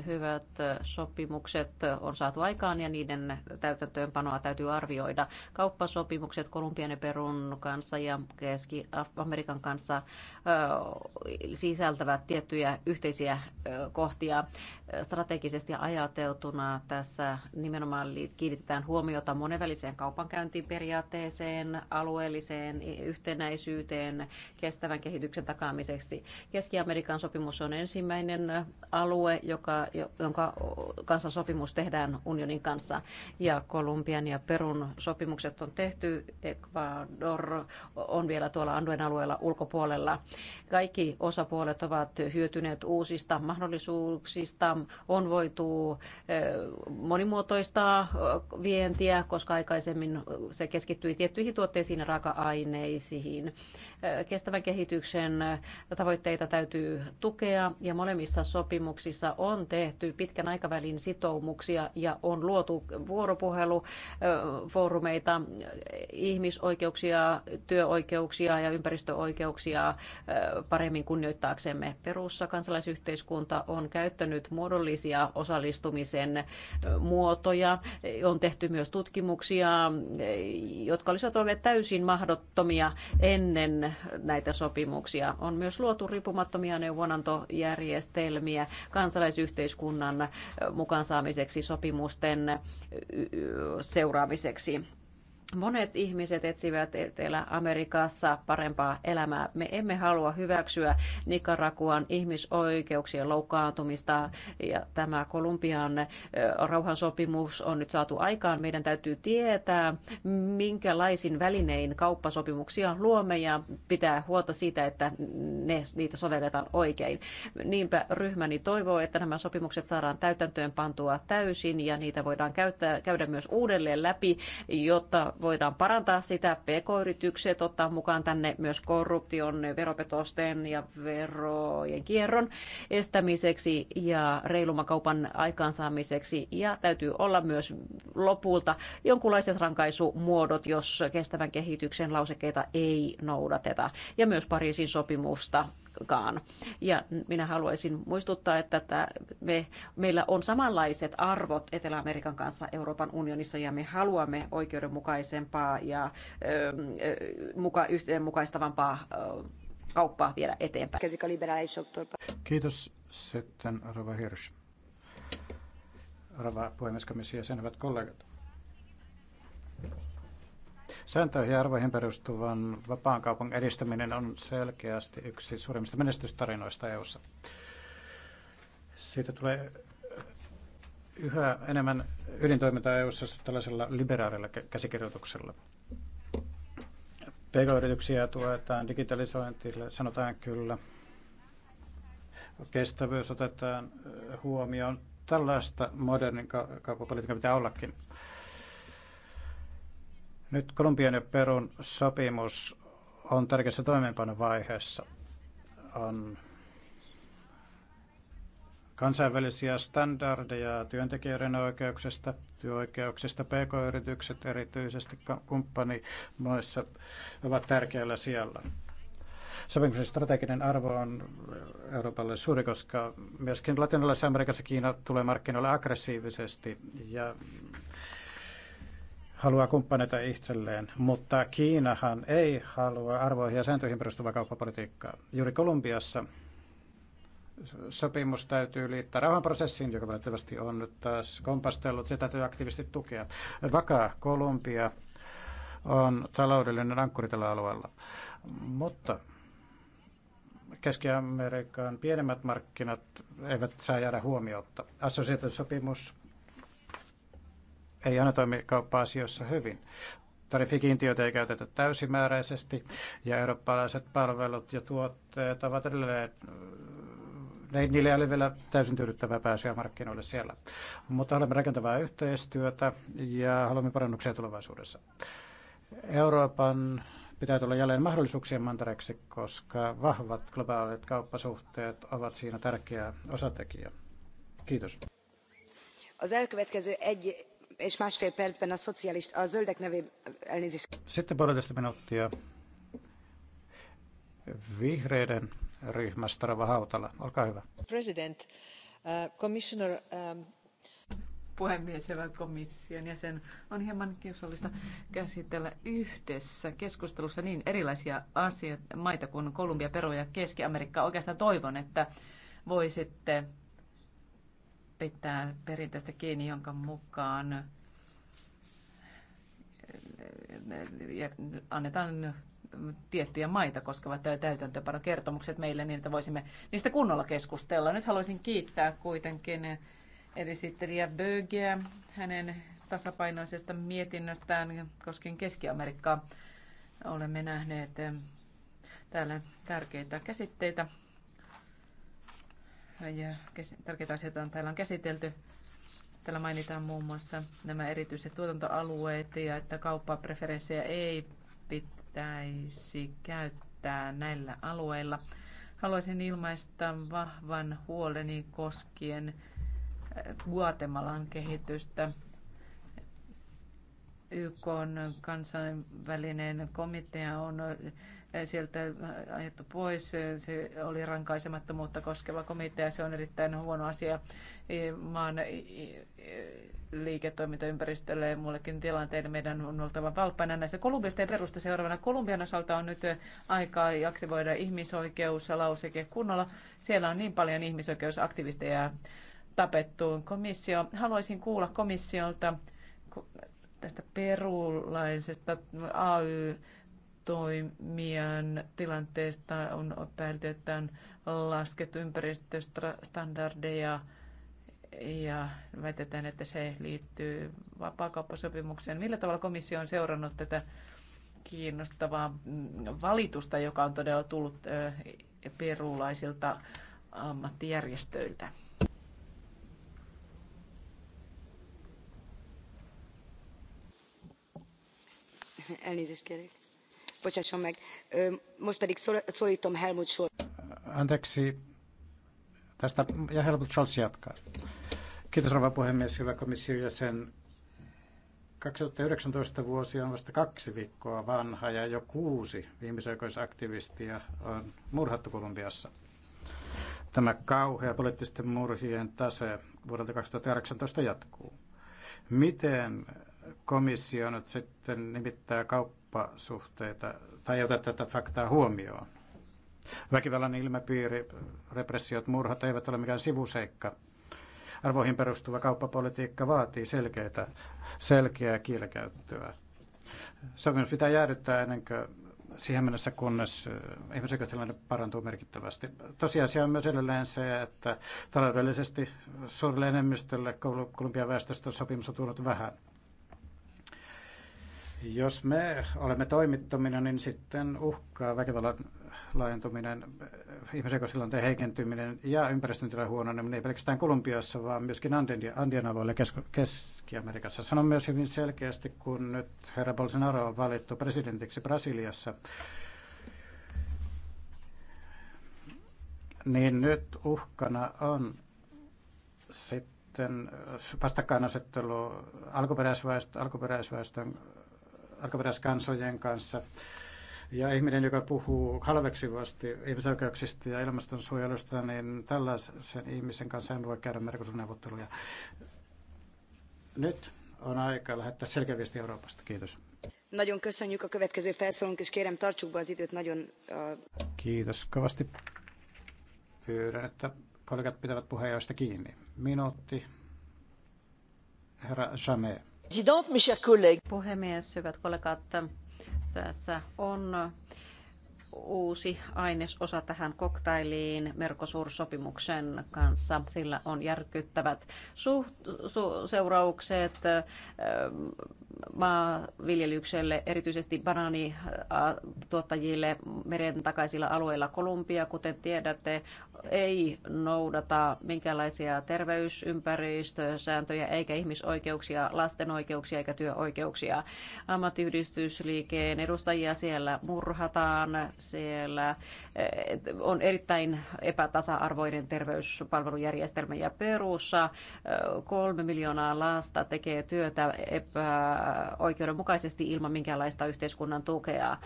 hyvät sopimukset on saatu aikaan ja niiden täytäntöönpanoa täytyy arvioida. Kauppasopimukset Kolumbian ja Perun kanssa ja Keski-Amerikan kanssa sisältävät tiettyjä yhteisiä kohtia strategisesti ajateltuna tässä nimenomaan kiinnitetään huomiota monenväliseen kaupankäyntiin periaatteeseen, alueelliseen yhtenäisyyteen kestävän kehityksen takaamiseksi. Keski-Amerikan sopimus on ensimmäinen alue, joka, jonka kanssa sopimus tehdään unionin kanssa. Ja Kolumbian ja Perun sopimukset on tehty. Ecuador on vielä tuolla Anduen alueella ulkopuolella. Kaikki osapuolet ovat hyötyneet uusista mahdollisuuksista on voitu eh, monimuotoistaa eh, vientiä, koska aikaisemmin eh, se keskittyi tiettyihin tuotteisiin ja raaka-aineisiin. Kestävän kehityksen tavoitteita täytyy tukea ja molemmissa sopimuksissa on tehty pitkän aikavälin sitoumuksia ja on luotu vuoropuhelufoorumeita, ihmisoikeuksia, työoikeuksia ja ympäristöoikeuksia paremmin kunnioittaaksemme. Perussa kansalaisyhteiskunta on käyttänyt muodollisia osallistumisen muotoja. On tehty myös tutkimuksia, jotka olisivat olleet täysin mahdottomia ennen näitä sopimuksia. On myös luotu riippumattomia neuvonantojärjestelmiä kansalaisyhteiskunnan mukaan saamiseksi sopimusten seuraamiseksi Monet ihmiset etsivät Etelä-Amerikassa parempaa elämää. Me emme halua hyväksyä Nicaraguan ihmisoikeuksien loukkaantumista ja tämä Kolumbian rauhansopimus on nyt saatu aikaan. Meidän täytyy tietää, minkälaisin välinein kauppasopimuksia luomme ja pitää huolta siitä, että ne, niitä sovelletaan oikein. Niinpä ryhmäni toivoo, että nämä sopimukset saadaan täytäntöön pantua täysin ja niitä voidaan käyttää, käydä myös uudelleen läpi, jotta voidaan parantaa sitä. PK-yritykset ottaa mukaan tänne myös korruption, veropetosten ja verojen kierron estämiseksi ja reiluman kaupan aikaansaamiseksi. Ja täytyy olla myös lopulta jonkunlaiset rankaisumuodot, jos kestävän kehityksen lausekkeita ei noudateta. Ja myös Pariisin sopimusta kuitenkaan. Ja minä haluaisin muistuttaa, että me, meillä on samanlaiset arvot Etelä-Amerikan kanssa Euroopan unionissa ja me haluamme oikeudenmukaisempaa ja ö, muka, yhteenmukaistavampaa ö, kauppaa viedä eteenpäin. Kiitos. Sitten Rova Hirsch. Rova puhemieskomissio ja sen hyvät kollegat. Sääntöihin ja arvoihin perustuvan vapaan kaupan edistäminen on selkeästi yksi suurimmista menestystarinoista EU:ssa. Siitä tulee yhä enemmän ydintoimintaa EU:ssa tällaisella liberaalilla käsikirjoituksella. PK-yrityksiä tuetaan digitalisointille, sanotaan kyllä. Kestävyys otetaan huomioon. Tällaista modernin kaupapolitiikan pitää ollakin. Nyt Kolumbian ja Perun sopimus on tärkeässä toimeenpanovaiheessa. On kansainvälisiä standardeja työntekijöiden oikeuksista, työoikeuksista, pk-yritykset erityisesti kumppanimaissa ovat tärkeällä siellä. Sopimuksen strateginen arvo on Euroopalle suuri, koska myöskin latinalaisessa Amerikassa Kiina tulee markkinoille aggressiivisesti ja haluaa kumppaneita itselleen, mutta Kiinahan ei halua arvoihin ja sääntöihin perustuvaa kauppapolitiikkaa. Juuri Kolumbiassa sopimus täytyy liittää rauhanprosessiin, joka valitettavasti on nyt taas kompastellut. Sitä täytyy aktiivisesti tukea. Vakaa Kolumbia on taloudellinen ankkuri tällä alueella. Mutta Keski-Amerikan pienemmät markkinat eivät saa jäädä huomiotta. Assosiaatiosopimus ei aina toimi kauppa-asioissa hyvin. Tarifikiintiöitä ei käytetä täysimääräisesti ja eurooppalaiset palvelut ja tuotteet ovat edelleen ne, niille ei ole vielä täysin tyydyttävää pääsyä markkinoille siellä. Mutta haluamme rakentavaa yhteistyötä ja haluamme parannuksia tulevaisuudessa. Euroopan pitää tulla jälleen mahdollisuuksien mantereeksi, koska vahvat globaalit kauppasuhteet ovat siinä tärkeä osatekijä. Kiitos. Az elkövetkező egy sitten puolitoista minuuttia vihreiden ryhmästä Rava Hautala. Olkaa hyvä. President, uh, commissioner, um... Puhemies, hyvä komission jäsen. On hieman kiusallista käsitellä yhdessä keskustelussa niin erilaisia asioita, maita kuin Kolumbia, Peru ja Keski-Amerikka. Oikeastaan toivon, että voisitte pitää perinteistä kiinni, jonka mukaan annetaan tiettyjä maita koskevat täytäntöpanokertomukset meille niin, että voisimme niistä kunnolla keskustella. Nyt haluaisin kiittää kuitenkin edesittelijä Bögeä hänen tasapainoisesta mietinnöstään koskien Keski-Amerikkaa. Olemme nähneet täällä tärkeitä käsitteitä ja tärkeitä asioita on täällä on käsitelty. Täällä mainitaan muun muassa nämä erityiset tuotantoalueet ja että kauppapreferenssejä ei pitäisi käyttää näillä alueilla. Haluaisin ilmaista vahvan huoleni koskien äh, Guatemalan kehitystä. YK on kansainvälinen komitea on sieltä ajettu pois. Se oli rankaisemattomuutta koskeva komitea. Se on erittäin huono asia e, maan liiketoimintaympäristölle ja muillekin tilanteille. Meidän on oltava valppaina näissä Kolumbiasta ja perusta seuraavana. Kolumbian osalta on nyt aikaa aktivoida ihmisoikeuslauseke kunnolla. Siellä on niin paljon ihmisoikeusaktivisteja tapettuun komissio. Haluaisin kuulla komissiolta tästä perulaisesta AY toimijan tilanteesta on epäilty, että on laskettu ympäristöstandardeja ja väitetään, että se liittyy vapaakauppasopimukseen. Millä tavalla komissio on seurannut tätä kiinnostavaa valitusta, joka on todella tullut perulaisilta ammattijärjestöiltä? Elnézést kérek bocsásson meg. Most pedig szólítom Helmut Scholz. Anteeksi, tästä ja Helmut Scholz jatkaa. Kiitos rouva puhemies, hyvä komission jäsen. 2019 vuosi on vasta kaksi viikkoa vanha ja jo kuusi ihmisoikeusaktivistia on murhattu Kolumbiassa. Tämä kauhea poliittisten murhien tase vuodelta 2018 jatkuu. Miten komissio nyt sitten nimittää kaup- kauppasuhteita tai ei tätä faktaa huomioon. Väkivallan ilmapiiri, repressiot, murhat eivät ole mikään sivuseikka. Arvoihin perustuva kauppapolitiikka vaatii selkeitä, selkeää kielikäyttöä. Sopimus pitää jäädyttää ennen kuin siihen mennessä, kunnes ihmisoikeustilanne parantuu merkittävästi. Tosiasia on myös edelleen se, että taloudellisesti suurelle enemmistölle Kolumbian väestöstä sopimus on tuonut vähän. Jos me olemme toimittomina, niin sitten uhkaa väkivallan laajentuminen, ihmisoikeustilanteen heikentyminen ja ympäristön tilan huononeminen ei pelkästään Kolumbiassa, vaan myöskin Andien, Andien alueella Keski-Amerikassa. Sanon myös hyvin selkeästi, kun nyt herra Bolsonaro on valittu presidentiksi Brasiliassa, niin nyt uhkana on sitten vastakkainasettelu alkuperäisväestön, alkuperäisväestön alkuperäiskansojen kanssa. Ja ihminen, joka puhuu halveksivasti ihmisoikeuksista ja ilmastonsuojelusta, niin tällaisen ihmisen kanssa en voi käydä merkitysneuvotteluja. Nyt on aika lähettää selkeästi Euroopasta. Kiitos. Nagyon köszönjük a következő felszólunk, és kérem tartsuk be az időt nagyon... Kiitos kovasti. Pyydän, että kollegat pitävät puheenjoista kiinni. Minuutti. Herra Jamet puhemies hyvät kollegat tässä on uusi ainesosa tähän koktailiin Mercosur-sopimuksen kanssa. Sillä on järkyttävät suht, su, seuraukset maanviljelykselle, erityisesti banaanituottajille meren takaisilla alueilla. Kolumbia, kuten tiedätte, ei noudata minkälaisia terveysympäristösääntöjä eikä ihmisoikeuksia, lasten oikeuksia eikä työoikeuksia. Ammattiyhdistysliikkeen edustajia siellä murhataan siellä on erittäin epätasa-arvoinen terveyspalvelujärjestelmä ja perussa kolme miljoonaa lasta tekee työtä epäoikeudenmukaisesti ilman minkäänlaista yhteiskunnan tukea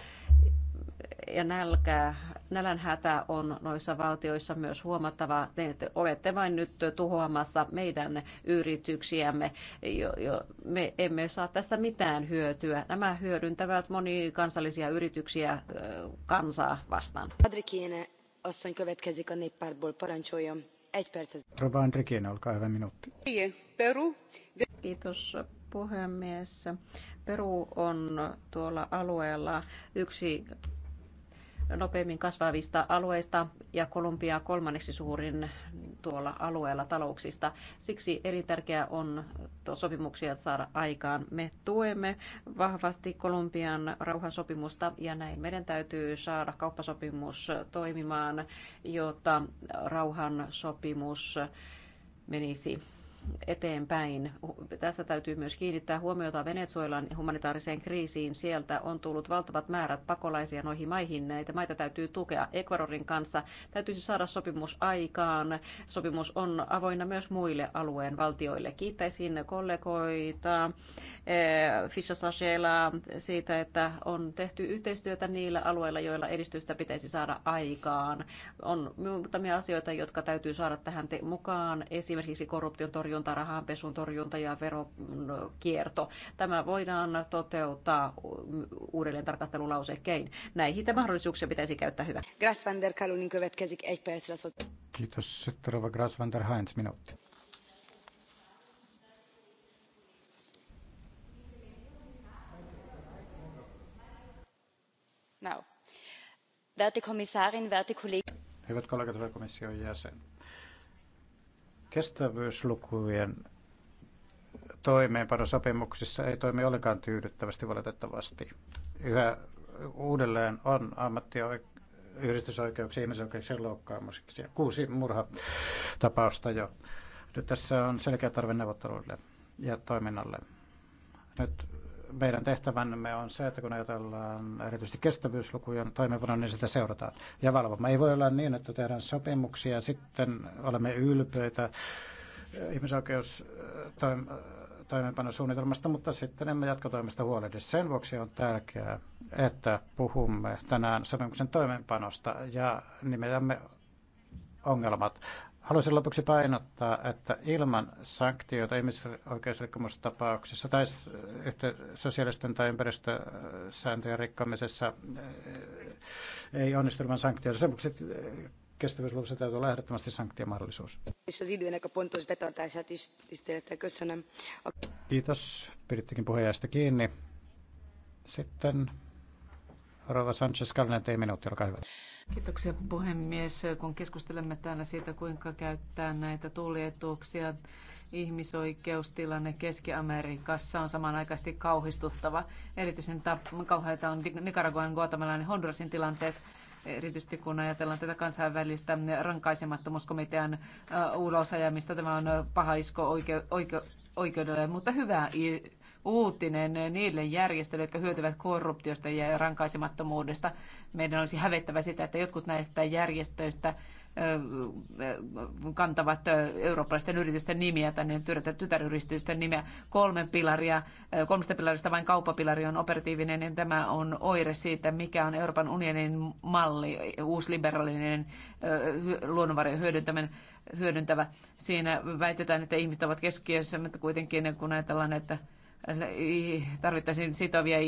ja nälkää, nälänhätä on noissa valtioissa myös huomattava. Te olette vain nyt tuhoamassa meidän yrityksiämme. Jo, jo, me emme saa tästä mitään hyötyä. Nämä hyödyntävät monikansallisia yrityksiä kansaa vastaan. Adrikiene, asszony következik a néppártból, parancsoljon. Egy perc. Rova Andrikien, olkaa hyvä minuutti. Peru. Kiitos puhemies. Peru on tuolla alueella yksi nopeimmin kasvavista alueista ja Kolumbia kolmanneksi suurin tuolla alueella talouksista. Siksi elintärkeää on sopimuksia saada aikaan. Me tuemme vahvasti Kolumbian rauhansopimusta ja näin meidän täytyy saada kauppasopimus toimimaan, jotta rauhansopimus menisi eteenpäin. Tässä täytyy myös kiinnittää huomiota Venezuelan humanitaariseen kriisiin. Sieltä on tullut valtavat määrät pakolaisia noihin maihin. Näitä maita täytyy tukea Ecuadorin kanssa. Täytyisi saada sopimus aikaan. Sopimus on avoinna myös muille alueen valtioille. Kiittäisin kollegoita eh, Fischer Sachela siitä, että on tehty yhteistyötä niillä alueilla, joilla edistystä pitäisi saada aikaan. On muutamia asioita, jotka täytyy saada tähän mukaan. Esimerkiksi korruption torjunta torjunta, rahanpesun torjunta ja verokierto. Tämä voidaan toteuttaa uudelleen tarkastelulausekkein. Näihin tämä mahdollisuuksia pitäisi käyttää hyvä. Niin Kiitos. Seuraava Gras van der Heinz, minuutti. Now. Werte Kommissarin, werte Kollegen. Hyvät kollegat, hyvä komission jäsen Kestävyyslukujen toimeenpanosopimuksissa ei toimi ollenkaan tyydyttävästi valitettavasti. Yhä uudelleen on ammattiyhdistysoikeuksia ihmisoikeuksien loukkaamiseksi. Kuusi murhatapausta jo. Nyt tässä on selkeä tarve neuvotteluille ja toiminnalle. Nyt meidän tehtävämme on se, että kun ajatellaan erityisesti kestävyyslukujen toimivuuden, niin sitä seurataan ja valvomaan. Ei voi olla niin, että tehdään sopimuksia ja sitten olemme ylpeitä ihmisoikeus toimeenpanosuunnitelmasta, mutta sitten emme jatkotoimista huolehdi. Sen vuoksi on tärkeää, että puhumme tänään sopimuksen toimeenpanosta ja nimeämme ongelmat. Haluaisin lopuksi painottaa, että ilman sanktioita ihmisoikeusrikkomustapauksissa tai sosiaalisten tai ympäristösääntöjen rikkomisessa eh, ei onnistu ilman sanktioita. Sen vuoksi eh, kestävyysluvussa täytyy olla ehdottomasti sanktiomahdollisuus. Kiitos. Pidittekin puheenjohtajasta kiinni. Sitten Rova Sanchez-Kalinen, teidän minuutti, olkaa hyvä Kiitoksia puhemies. Kun keskustelemme täällä siitä, kuinka käyttää näitä tullietuuksia, ihmisoikeustilanne Keski-Amerikassa on samanaikaisesti kauhistuttava. Erityisen kauheita on Nicaraguan, Guatemalan ja Hondurasin tilanteet erityisesti kun ajatellaan tätä kansainvälistä rankaisemattomuuskomitean ulosajamista. Tämä on paha isko oikeu, oikeu, Oikeudelle, mutta hyvä uutinen niille järjestöille, jotka hyötyvät korruptiosta ja rankaisemattomuudesta. Meidän olisi hävettävä sitä, että jotkut näistä järjestöistä kantavat eurooppalaisten yritysten nimiä tänne tytäryritysten nimiä. Kolme pilaria, kolmesta pilarista vain kauppapilari on operatiivinen, niin tämä on oire siitä, mikä on Euroopan unionin malli, uusliberaalinen luonnonvarojen hyödyntäminen hyödyntävä. Siinä väitetään, että ihmiset ovat keskiössä, mutta kuitenkin kun ajatellaan, että tarvittaisiin sitovia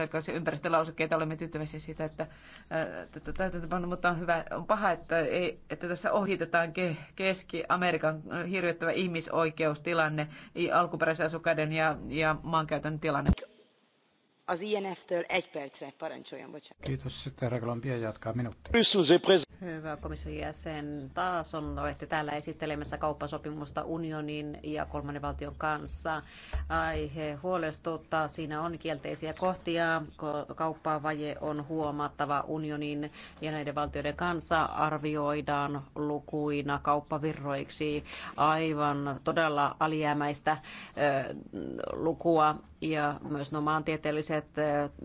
jotka olisivat ympäristölausukkeita, Olemme tyytyväisiä siitä, että täytäntöpano, mutta on hyvä, on paha, että, ei, että tässä ohitetaan Keski-Amerikan hirvittävä ihmisoikeustilanne, alkuperäisen asukkaiden ja, ja maankäytön tilanne az INF-től egy percre parancsoljon, bocsánat. Kiitos. Sitten jatkaa minuutti. E Hyvä komission jäsen. Taas on, olette täällä esittelemässä kauppasopimusta unionin ja kolmannen valtion kanssa. Aihe huolestuttaa. Siinä on kielteisiä kohtia. Kauppavaje on huomattava unionin ja näiden valtioiden kanssa arvioidaan lukuina kauppavirroiksi aivan todella alijäämäistä lukua ja myös nuo maantieteelliset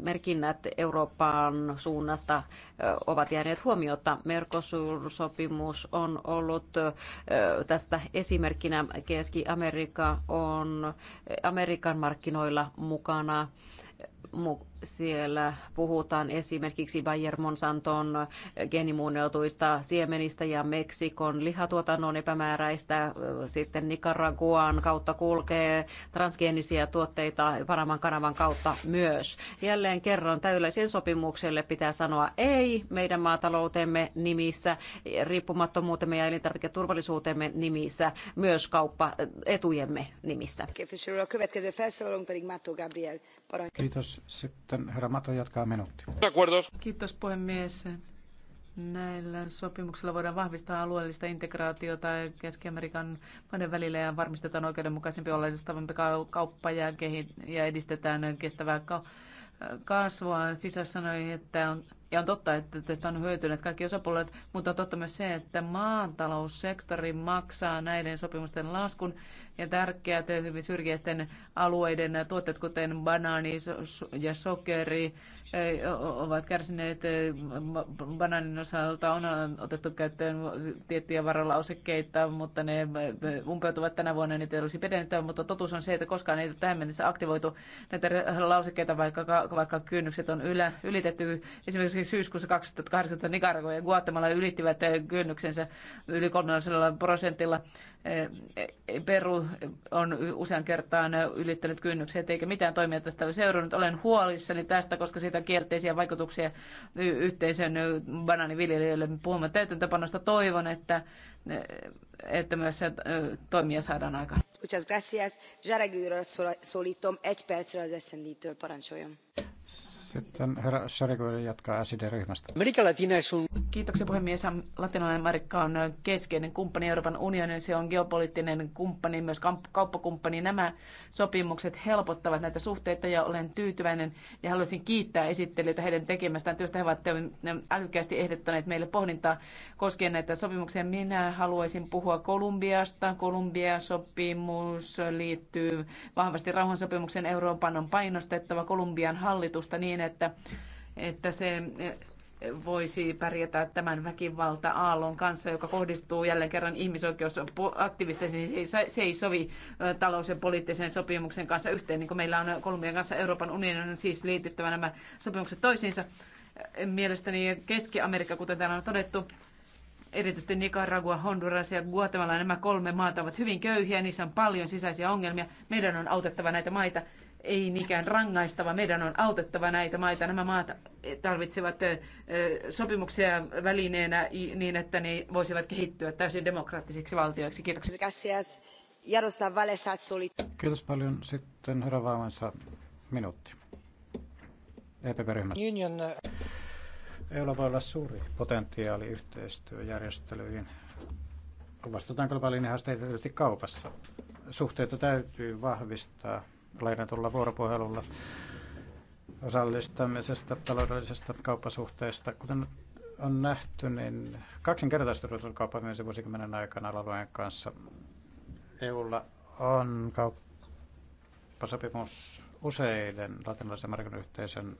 merkinnät Euroopan suunnasta ovat jääneet huomiota. Mercosur-sopimus on ollut tästä esimerkkinä. Keski-Amerikka on Amerikan markkinoilla mukana siellä puhutaan esimerkiksi Bayer Monsanton geenimuunneltuista siemenistä ja Meksikon lihatuotannon epämääräistä. Sitten Nicaraguan kautta kulkee transgeenisiä tuotteita Panaman kanavan kautta myös. Jälleen kerran täydelliseen sopimukselle pitää sanoa ei meidän maataloutemme nimissä, riippumattomuutemme ja elintarviketurvallisuutemme nimissä, myös kauppaetujemme nimissä. Kiitos. Sitten herra Mato jatkaa minuutti. Kiitos puhemies. Näillä sopimuksilla voidaan vahvistaa alueellista integraatiota Keski-Amerikan maiden välillä ja varmistetaan oikeudenmukaisempi oleellistavampi kauppa ja, kehi- ja edistetään kestävää ka- kasvua. FISA sanoi, että on ja on totta, että tästä on hyötyneet kaikki osapuolet, mutta on totta myös se, että maantaloussektori maksaa näiden sopimusten laskun ja tärkeät hyvin syrjäisten alueiden tuotteet, kuten banaani ja sokeri, ovat kärsineet banaanin osalta. On otettu käyttöön tiettyjä varalausekkeita, mutta ne umpeutuvat tänä vuonna, niitä olisi pidennettävä, mutta totuus on se, että koskaan ei tähän mennessä aktivoitu näitä lausekkeita, vaikka, vaikka kynnykset on ylä, ylitetty. Esimerkiksi Siis syyskuussa 2018 Nicaragua ja Guatemala ylittivät eh, kynnyksensä yli 300 prosentilla. Eh, eh, Peru on usean kertaan ylittänyt kynnyksiä, eikä mitään toimia tästä ole seurannut. Olen huolissani tästä, koska siitä on kielteisiä vaikutuksia yhteisön banaaniviljelijöille. Puhumme täytäntöpanosta toivon, että, että myös se toimia saadaan aikaan. Muchas gracias. Zsaregui urat szólítom, egy percre az snd sitten herra Sarikoinen jatkaa SID-ryhmästä. Kiitoksia puhemies. Latinalainen Amerikka on keskeinen kumppani Euroopan unionin. Se on geopoliittinen kumppani, myös kauppakumppani. Nämä sopimukset helpottavat näitä suhteita ja olen tyytyväinen ja haluaisin kiittää esittelijöitä heidän tekemästään työstä. He ovat älykkäästi ehdottaneet meille pohdintaa koskien näitä sopimuksia. Minä haluaisin puhua Kolumbiasta. Kolumbia-sopimus liittyy vahvasti rauhansopimukseen. Euroopan on painostettava Kolumbian hallitusta niin, niin, että, että se eh, voisi pärjätä tämän väkivalta-aallon kanssa, joka kohdistuu jälleen kerran ihmisoikeusaktivisteisiin. Se ei sovi eh, talous- ja poliittisen sopimuksen kanssa yhteen, niin kuin meillä on kolmien kanssa Euroopan unionin on siis liitettävä nämä sopimukset toisiinsa. Eh, mielestäni Keski-Amerikka, kuten täällä on todettu, erityisesti Nicaragua, Honduras ja Guatemala, nämä kolme maata ovat hyvin köyhiä, niissä on paljon sisäisiä ongelmia. Meidän on autettava näitä maita ei niinkään rangaistava. Meidän on autettava näitä maita. Nämä maat tarvitsevat sopimuksia välineenä niin, että ne voisivat kehittyä täysin demokraattisiksi valtioiksi. Kiitoksia. Kiitos paljon. Sitten herra Vaimansa minuutti. EPP-ryhmä. EUlla voi olla suuri potentiaali yhteistyöjärjestelyihin. Vastataan globaaliin haasteita tietysti kaupassa. Suhteita täytyy vahvistaa tulla vuoropuhelulla osallistamisesta taloudellisesta kauppasuhteesta. Kuten on nähty, niin kaksinkertaistunut on kauppa myös vuosikymmenen aikana alueen kanssa. EUlla on kauppasopimus useiden latinalaisen Amerikan yhteisön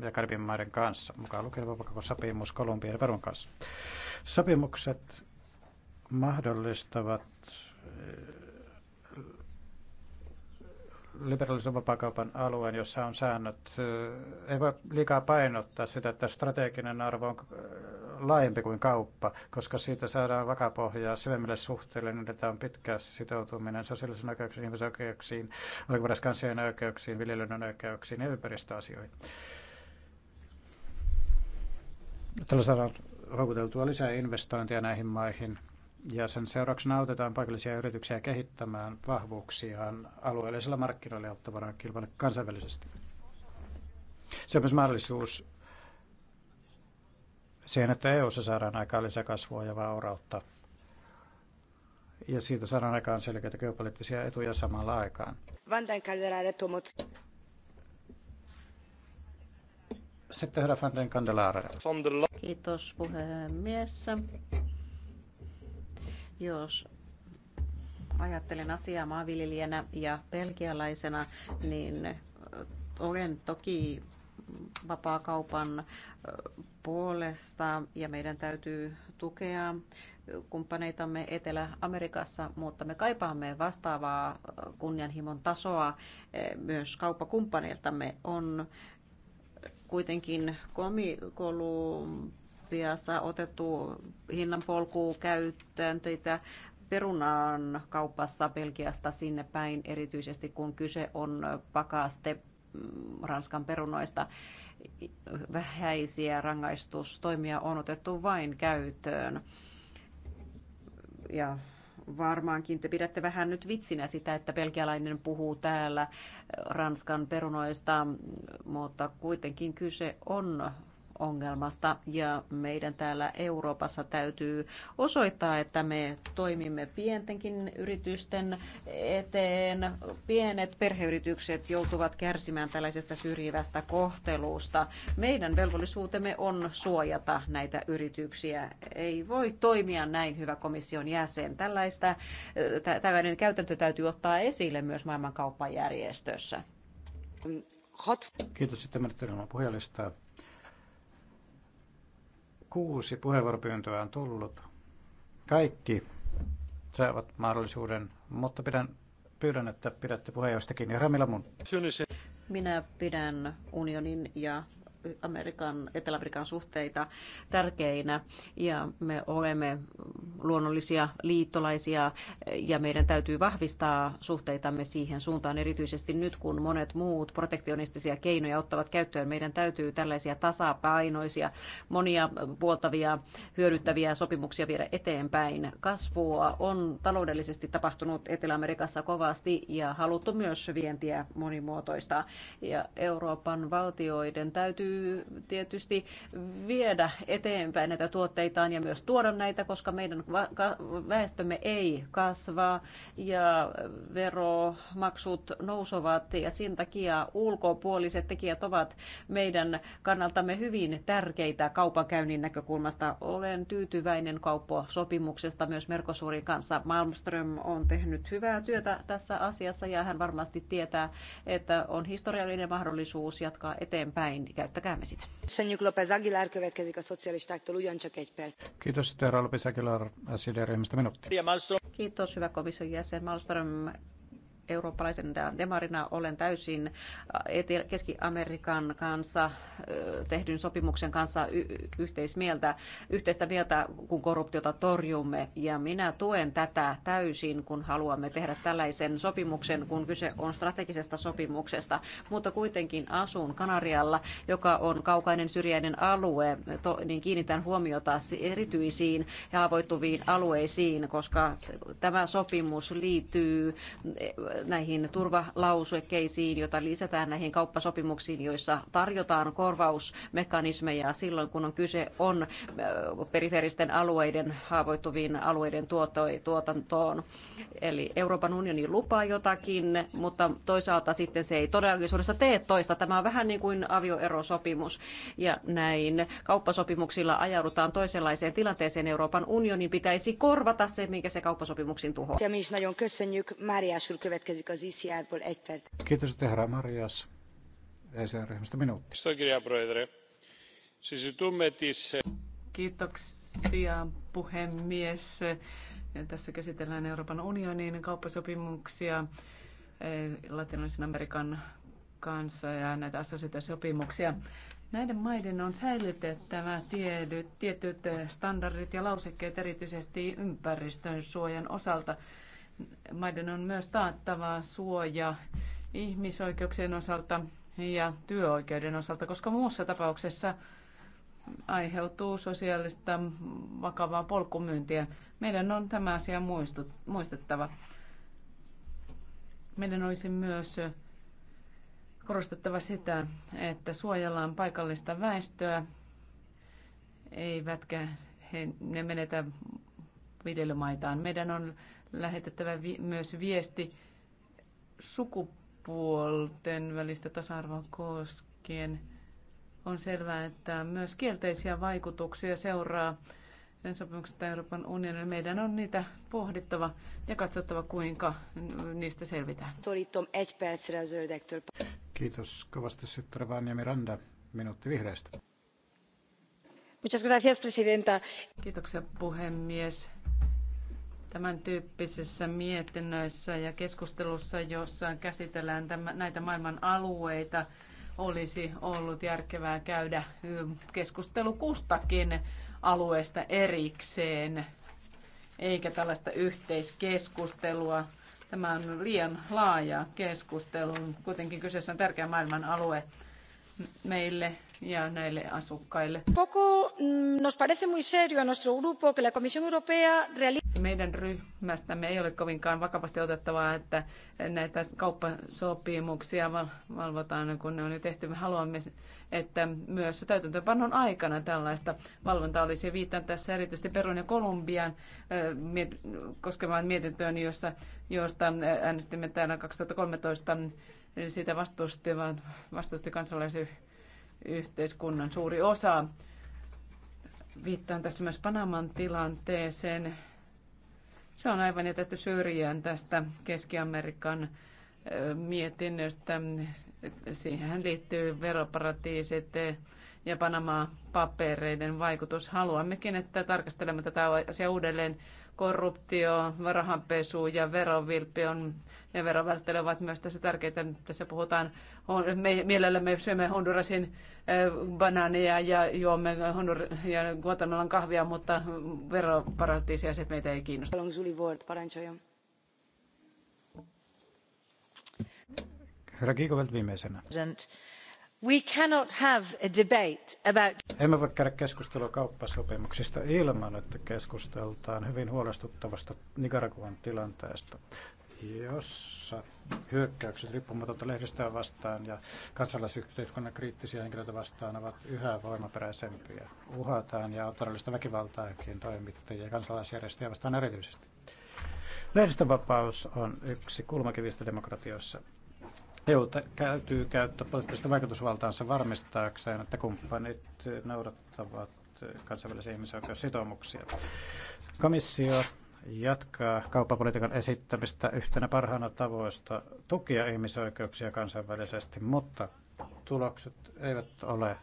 ja Karibin maiden kanssa, mukaan lukien sopimus Kolumbian ja Perun kanssa. Sopimukset mahdollistavat liberaalisen vapaakaupan alueen, jossa on säännöt. Eh, ei voi liikaa painottaa sitä, että strateginen arvo on eh, laajempi kuin kauppa, koska siitä saadaan vakapohjaa syvemmille suhteille, niin että on pitkä sitoutuminen sosiaalisiin oikeuksiin, ihmisoikeuksiin, alkuperäiskansien oikeuksiin, viljelyn oikeuksiin ja ympäristöasioihin. Tällä saadaan houkuteltua lisää investointia näihin maihin ja sen seurauksena autetaan paikallisia yrityksiä kehittämään vahvuuksiaan alueellisilla markkinoilla, jotta voidaan kilpailla kansainvälisesti. Se on myös mahdollisuus siihen, että EU-ssa saadaan aikaan lisäkasvua ja vaurautta. Ja siitä saadaan aikaan selkeitä geopoliittisia etuja samalla aikaan. Sitten herra Van den Kiitos puhemies. Jos ajattelen asiaa maanviljelijänä ja pelkialaisena, niin olen toki vapaakaupan puolesta ja meidän täytyy tukea kumppaneitamme Etelä-Amerikassa, mutta me kaipaamme vastaavaa kunnianhimon tasoa myös kauppakumppaneiltamme. On kuitenkin komi- saa otettu käyttöön, teitä perunan kaupassa Belgiasta sinne päin, erityisesti kun kyse on pakaste mm, Ranskan perunoista vähäisiä rangaistustoimia on otettu vain käyttöön. Ja varmaankin te pidätte vähän nyt vitsinä sitä, että belgialainen puhuu täällä Ranskan perunoista, mutta kuitenkin kyse on ongelmasta ja meidän täällä Euroopassa täytyy osoittaa, että me toimimme pientenkin yritysten eteen. Pienet perheyritykset joutuvat kärsimään tällaisesta syrjivästä kohtelusta. Meidän velvollisuutemme on suojata näitä yrityksiä. Ei voi toimia näin, hyvä komission jäsen. Tällaista, tällainen käytäntö täytyy ottaa esille myös maailmankauppajärjestössä. Kiitos sitten menettelyilman puhujalistaa. Kuusi puheenvuoropyyntöä on tullut. Kaikki saavat mahdollisuuden, mutta pidän, pyydän, että pidätte puheenjohtajakin. Ramila mun. Minä pidän unionin ja Amerikan, Etelä-Amerikan suhteita tärkeinä ja me olemme luonnollisia liittolaisia ja meidän täytyy vahvistaa suhteitamme siihen suuntaan erityisesti nyt, kun monet muut protektionistisia keinoja ottavat käyttöön. Meidän täytyy tällaisia tasapainoisia, monia puoltavia, hyödyttäviä sopimuksia viedä eteenpäin. Kasvua on taloudellisesti tapahtunut Etelä-Amerikassa kovasti ja haluttu myös vientiä monimuotoista. Ja Euroopan valtioiden täytyy täytyy tietysti viedä eteenpäin näitä tuotteitaan ja myös tuoda näitä, koska meidän väestömme ei kasva ja veromaksut nousuvat ja sen takia ulkopuoliset tekijät ovat meidän kannaltamme hyvin tärkeitä kaupankäynnin näkökulmasta. Olen tyytyväinen kauppasopimuksesta myös Merkosuurin kanssa. Malmström on tehnyt hyvää työtä tässä asiassa ja hän varmasti tietää, että on historiallinen mahdollisuus jatkaa eteenpäin. Käyttäkää Käyttäkäämme sitä. Kiitos, Tera Lopez Aguilar, ryhmästä minuutti. Kiitos, hyvä komission jäsen Malmström eurooppalaisen demarina olen täysin äh, Keski-Amerikan kanssa äh, tehdyn sopimuksen kanssa yhteismieltä, yhteistä mieltä, kun korruptiota torjumme. Ja minä tuen tätä täysin, kun haluamme tehdä tällaisen sopimuksen, kun kyse on strategisesta sopimuksesta. Mutta kuitenkin asun Kanarialla, joka on kaukainen syrjäinen alue, niin kiinnitän huomiota erityisiin ja haavoittuviin alueisiin, koska tämä sopimus liittyy näihin turvalausekkeisiin, joita lisätään näihin kauppasopimuksiin, joissa tarjotaan korvausmekanismeja silloin, kun on kyse on äh, periferisten alueiden, haavoittuviin alueiden tuotantoon. Eli Euroopan unioni lupaa jotakin, mutta toisaalta sitten se ei todellisuudessa tee toista. Tämä on vähän niin kuin avioerosopimus. Ja näin kauppasopimuksilla ajaudutaan toisenlaiseen tilanteeseen. Euroopan unionin pitäisi korvata se, minkä se kauppasopimuksin tuhoaa. Ja myös nagyon köszönjük. Máriás úr következik az ICR-ból egy perc. Kiitos, herra Marias. ECR-ryhmästä minuutti. Kiitoksia, puhemies. Tässä käsitellään Euroopan unionin kauppasopimuksia eh, latinalaisen Amerikan kanssa ja näitä assosiaatiosopimuksia. Näiden maiden on säilytettävä tietyt standardit ja lausekkeet erityisesti ympäristön suojan osalta maiden on myös taattava suoja ihmisoikeuksien osalta ja työoikeuden osalta, koska muussa tapauksessa aiheutuu sosiaalista vakavaa polkumyyntiä. Meidän on tämä asia muistut, muistettava. Meidän olisi myös korostettava sitä, että suojellaan paikallista väestöä, eivätkä he, ne menetä viljelymaitaan. Meidän on lähetettävä vi- myös viesti sukupuolten välistä tasa-arvoa koskien. On selvää, että myös kielteisiä vaikutuksia seuraa sopimuksesta Euroopan unionille. Meidän on niitä pohdittava ja katsottava, kuinka niistä selvitään. Kiitos kovasti sitten Vanja Miranda, minuutti vihreistä. Kiitoksia puhemies tämän tyyppisissä mietinnöissä ja keskustelussa, jossa käsitellään tämän, näitä maailman alueita, olisi ollut järkevää käydä keskustelu kustakin alueesta erikseen, eikä tällaista yhteiskeskustelua. Tämä on liian laaja keskustelu. Kuitenkin kyseessä on tärkeä maailman alue meille ja näille asukkaille. Poco mm, nos parece muy serio a nuestro grupo que la Comisión Europea Meidän ryhmästämme ei ole kovinkaan vakavasti otettavaa, että näitä kauppasopimuksia valvotaan, kun ne on jo tehty. Me haluamme, että myös täytäntöönpanon aikana tällaista valvontaa olisi. Viittaan tässä erityisesti Perun ja Kolumbian koskevaan mietintöön, jossa, josta äänestimme täällä 2013 Eli sitä vastustivat, vastusti kansalaisen yhteiskunnan suuri osa. Viittaan tässä myös Panaman tilanteeseen. Se on aivan jätetty syrjään tästä Keski-Amerikan mietinnöstä. Siihen liittyy veroparatiisit ja Panama papereiden vaikutus. Haluammekin, että tarkastelemme tätä asiaa uudelleen korruptio, rahanpesu ja verovilppi on, ja verovälttely ovat myös tässä tärkeitä. Nyt tässä puhutaan, me mielellämme syömme Hondurasin eh, banaaneja ja juomme Hondur- ja Guatemalan kahvia, mutta se meitä ei kiinnosta. Herra Kiikovelt viimeisenä. We cannot have a debate about... Emme voi käydä keskustelua kauppasopimuksista ilman, että keskusteltaan hyvin huolestuttavasta Nicaraguan tilanteesta, jossa hyökkäykset riippumatonta lehdistöä vastaan ja kansalaisyhteiskunnan kriittisiä henkilöitä vastaan ovat yhä voimaperäisempiä. Uhataan ja autorallista väkivaltaakin toimittajia ja kansalaisjärjestöjä vastaan erityisesti. Lehdistönvapaus on yksi kulmakivistä demokratioissa. EU täytyy käyttää poliittista vaikutusvaltaansa varmistaakseen, että kumppanit noudattavat kansainvälisiä ihmisoikeussitoumuksia. Komissio jatkaa kauppapolitiikan esittämistä yhtenä parhaana tavoista tukea ihmisoikeuksia kansainvälisesti, mutta tulokset eivät ole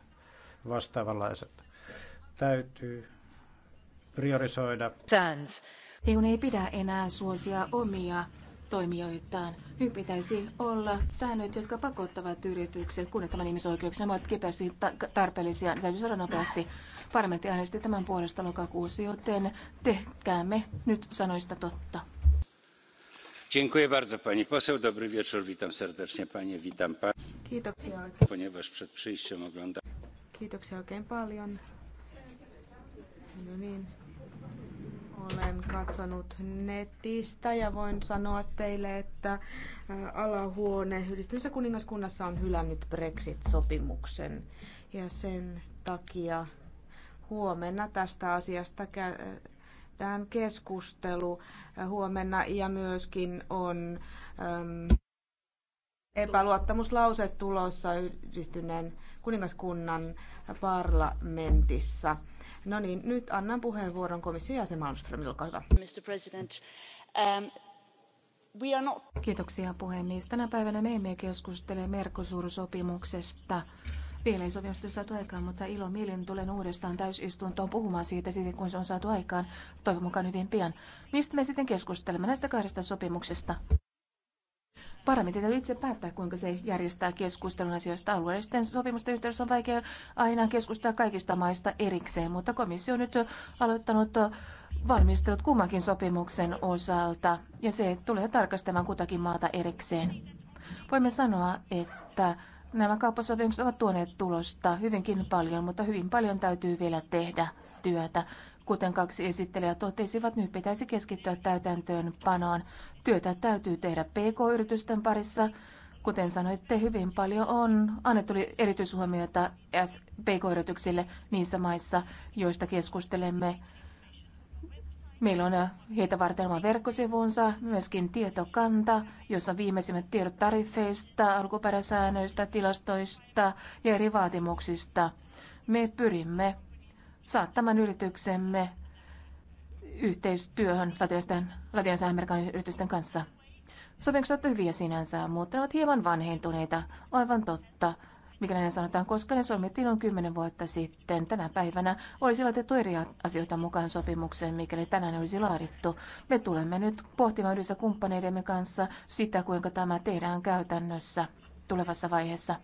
vastaavanlaiset. Täytyy priorisoida. EU EUn ei pidä enää suosia omia toimijoitaan. Nyt pitäisi olla säännöt, jotka pakottavat yritykset kunnioittamaan ihmisoikeuksia. Nämä ovat kipeästi tarpeellisia. Täytyy saada nopeasti. Parlamentti äänesti tämän puolesta lokakuussa, joten tehkäämme nyt sanoista totta. Dziękuję bardzo pani poseł. Dobry wieczór. Witam serdecznie panie. Witam pan. Kiitoksia oikein. Ponieważ przed przyjściem oglądam. Kiitoksia oikein paljon. No niin, olen katsonut netistä ja voin sanoa teille, että alahuone yhdistyneessä kuningaskunnassa on hylännyt Brexit-sopimuksen. Ja sen takia huomenna tästä asiasta käydään keskustelu huomenna ja myöskin on äm, epäluottamuslause tulossa yhdistyneen kuningaskunnan parlamentissa. No niin, nyt annan puheenvuoron komission jäsen Malmströmille, olkaa hyvä. Mr. President, um... We are not... Kiitoksia puhemies. Tänä päivänä me emme keskustele Mercosur-sopimuksesta. Vielä ei sopimusta saatu aikaan, mutta ilo mielin tulen uudestaan täysistuntoon puhumaan siitä sitten, kun se on saatu aikaan, toivon mukaan hyvin pian. Mistä me sitten keskustelemme näistä kahdesta sopimuksesta? Parlamentti täytyy itse päättää, kuinka se järjestää keskustelun asioista. Alueellisten sopimusten yhteydessä on vaikea aina keskustella kaikista maista erikseen, mutta komissio on nyt aloittanut valmistelut kummankin sopimuksen osalta, ja se tulee tarkastamaan kutakin maata erikseen. Voimme sanoa, että nämä kauppasopimukset ovat tuoneet tulosta hyvinkin paljon, mutta hyvin paljon täytyy vielä tehdä työtä. Kuten kaksi esittelijää totesivat, nyt pitäisi keskittyä täytäntöönpanoon. Työtä täytyy tehdä PK-yritysten parissa. Kuten sanoitte, hyvin paljon on annettu erityishuomiota PK-yrityksille niissä maissa, joista keskustelemme. Meillä on heitä varten oma verkkosivunsa, myöskin tietokanta, jossa on viimeisimmät tiedot tariffeista, alkuperäsäännöistä, tilastoista ja eri vaatimuksista. Me pyrimme tämän yrityksemme yhteistyöhön latinalaisen Amerikan yritysten kanssa. Sopimukset ovat hyviä sinänsä, mutta ne ovat hieman vanhentuneita, aivan totta. Mikä näin sanotaan, koska ne solmittiin on kymmenen vuotta sitten. Tänä päivänä olisi laitettu eri asioita mukaan sopimukseen, mikäli tänään olisi laadittu. Me tulemme nyt pohtimaan yhdessä kumppaneidemme kanssa sitä, kuinka tämä tehdään käytännössä tulevassa vaiheessa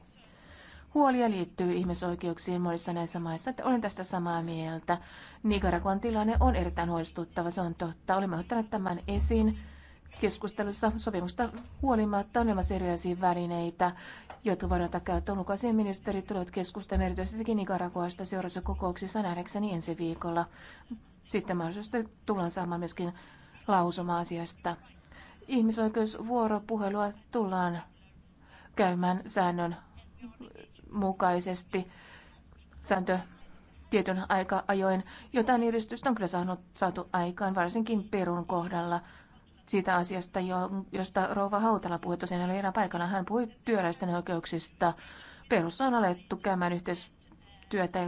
huolia liittyy ihmisoikeuksiin monissa näissä maissa. Olen tästä samaa mieltä. Nicaraguan tilanne on erittäin huolestuttava, se on totta. Olemme ottaneet tämän esiin keskustelussa sopimusta huolimatta on olemassa erilaisia välineitä, jotka voidaan ottaa käyttöön. Ulkoisen ministerit tulevat keskustelemaan erityisesti Nicaraguasta seuraavassa kokouksessa nähdäkseni ensi viikolla. Sitten mahdollisesti tullaan saamaan myöskin lausuma-asiasta. Ihmisoikeusvuoropuhelua tullaan käymään säännön mukaisesti sääntö tietyn aika ajoin. Jotain edistystä on kyllä saanut, saatu aikaan, varsinkin Perun kohdalla siitä asiasta, jo, josta Rouva Hautala puhui, tosiaan oli enää paikalla. Hän puhui työläisten oikeuksista. Perussa on alettu käymään yhteistyötä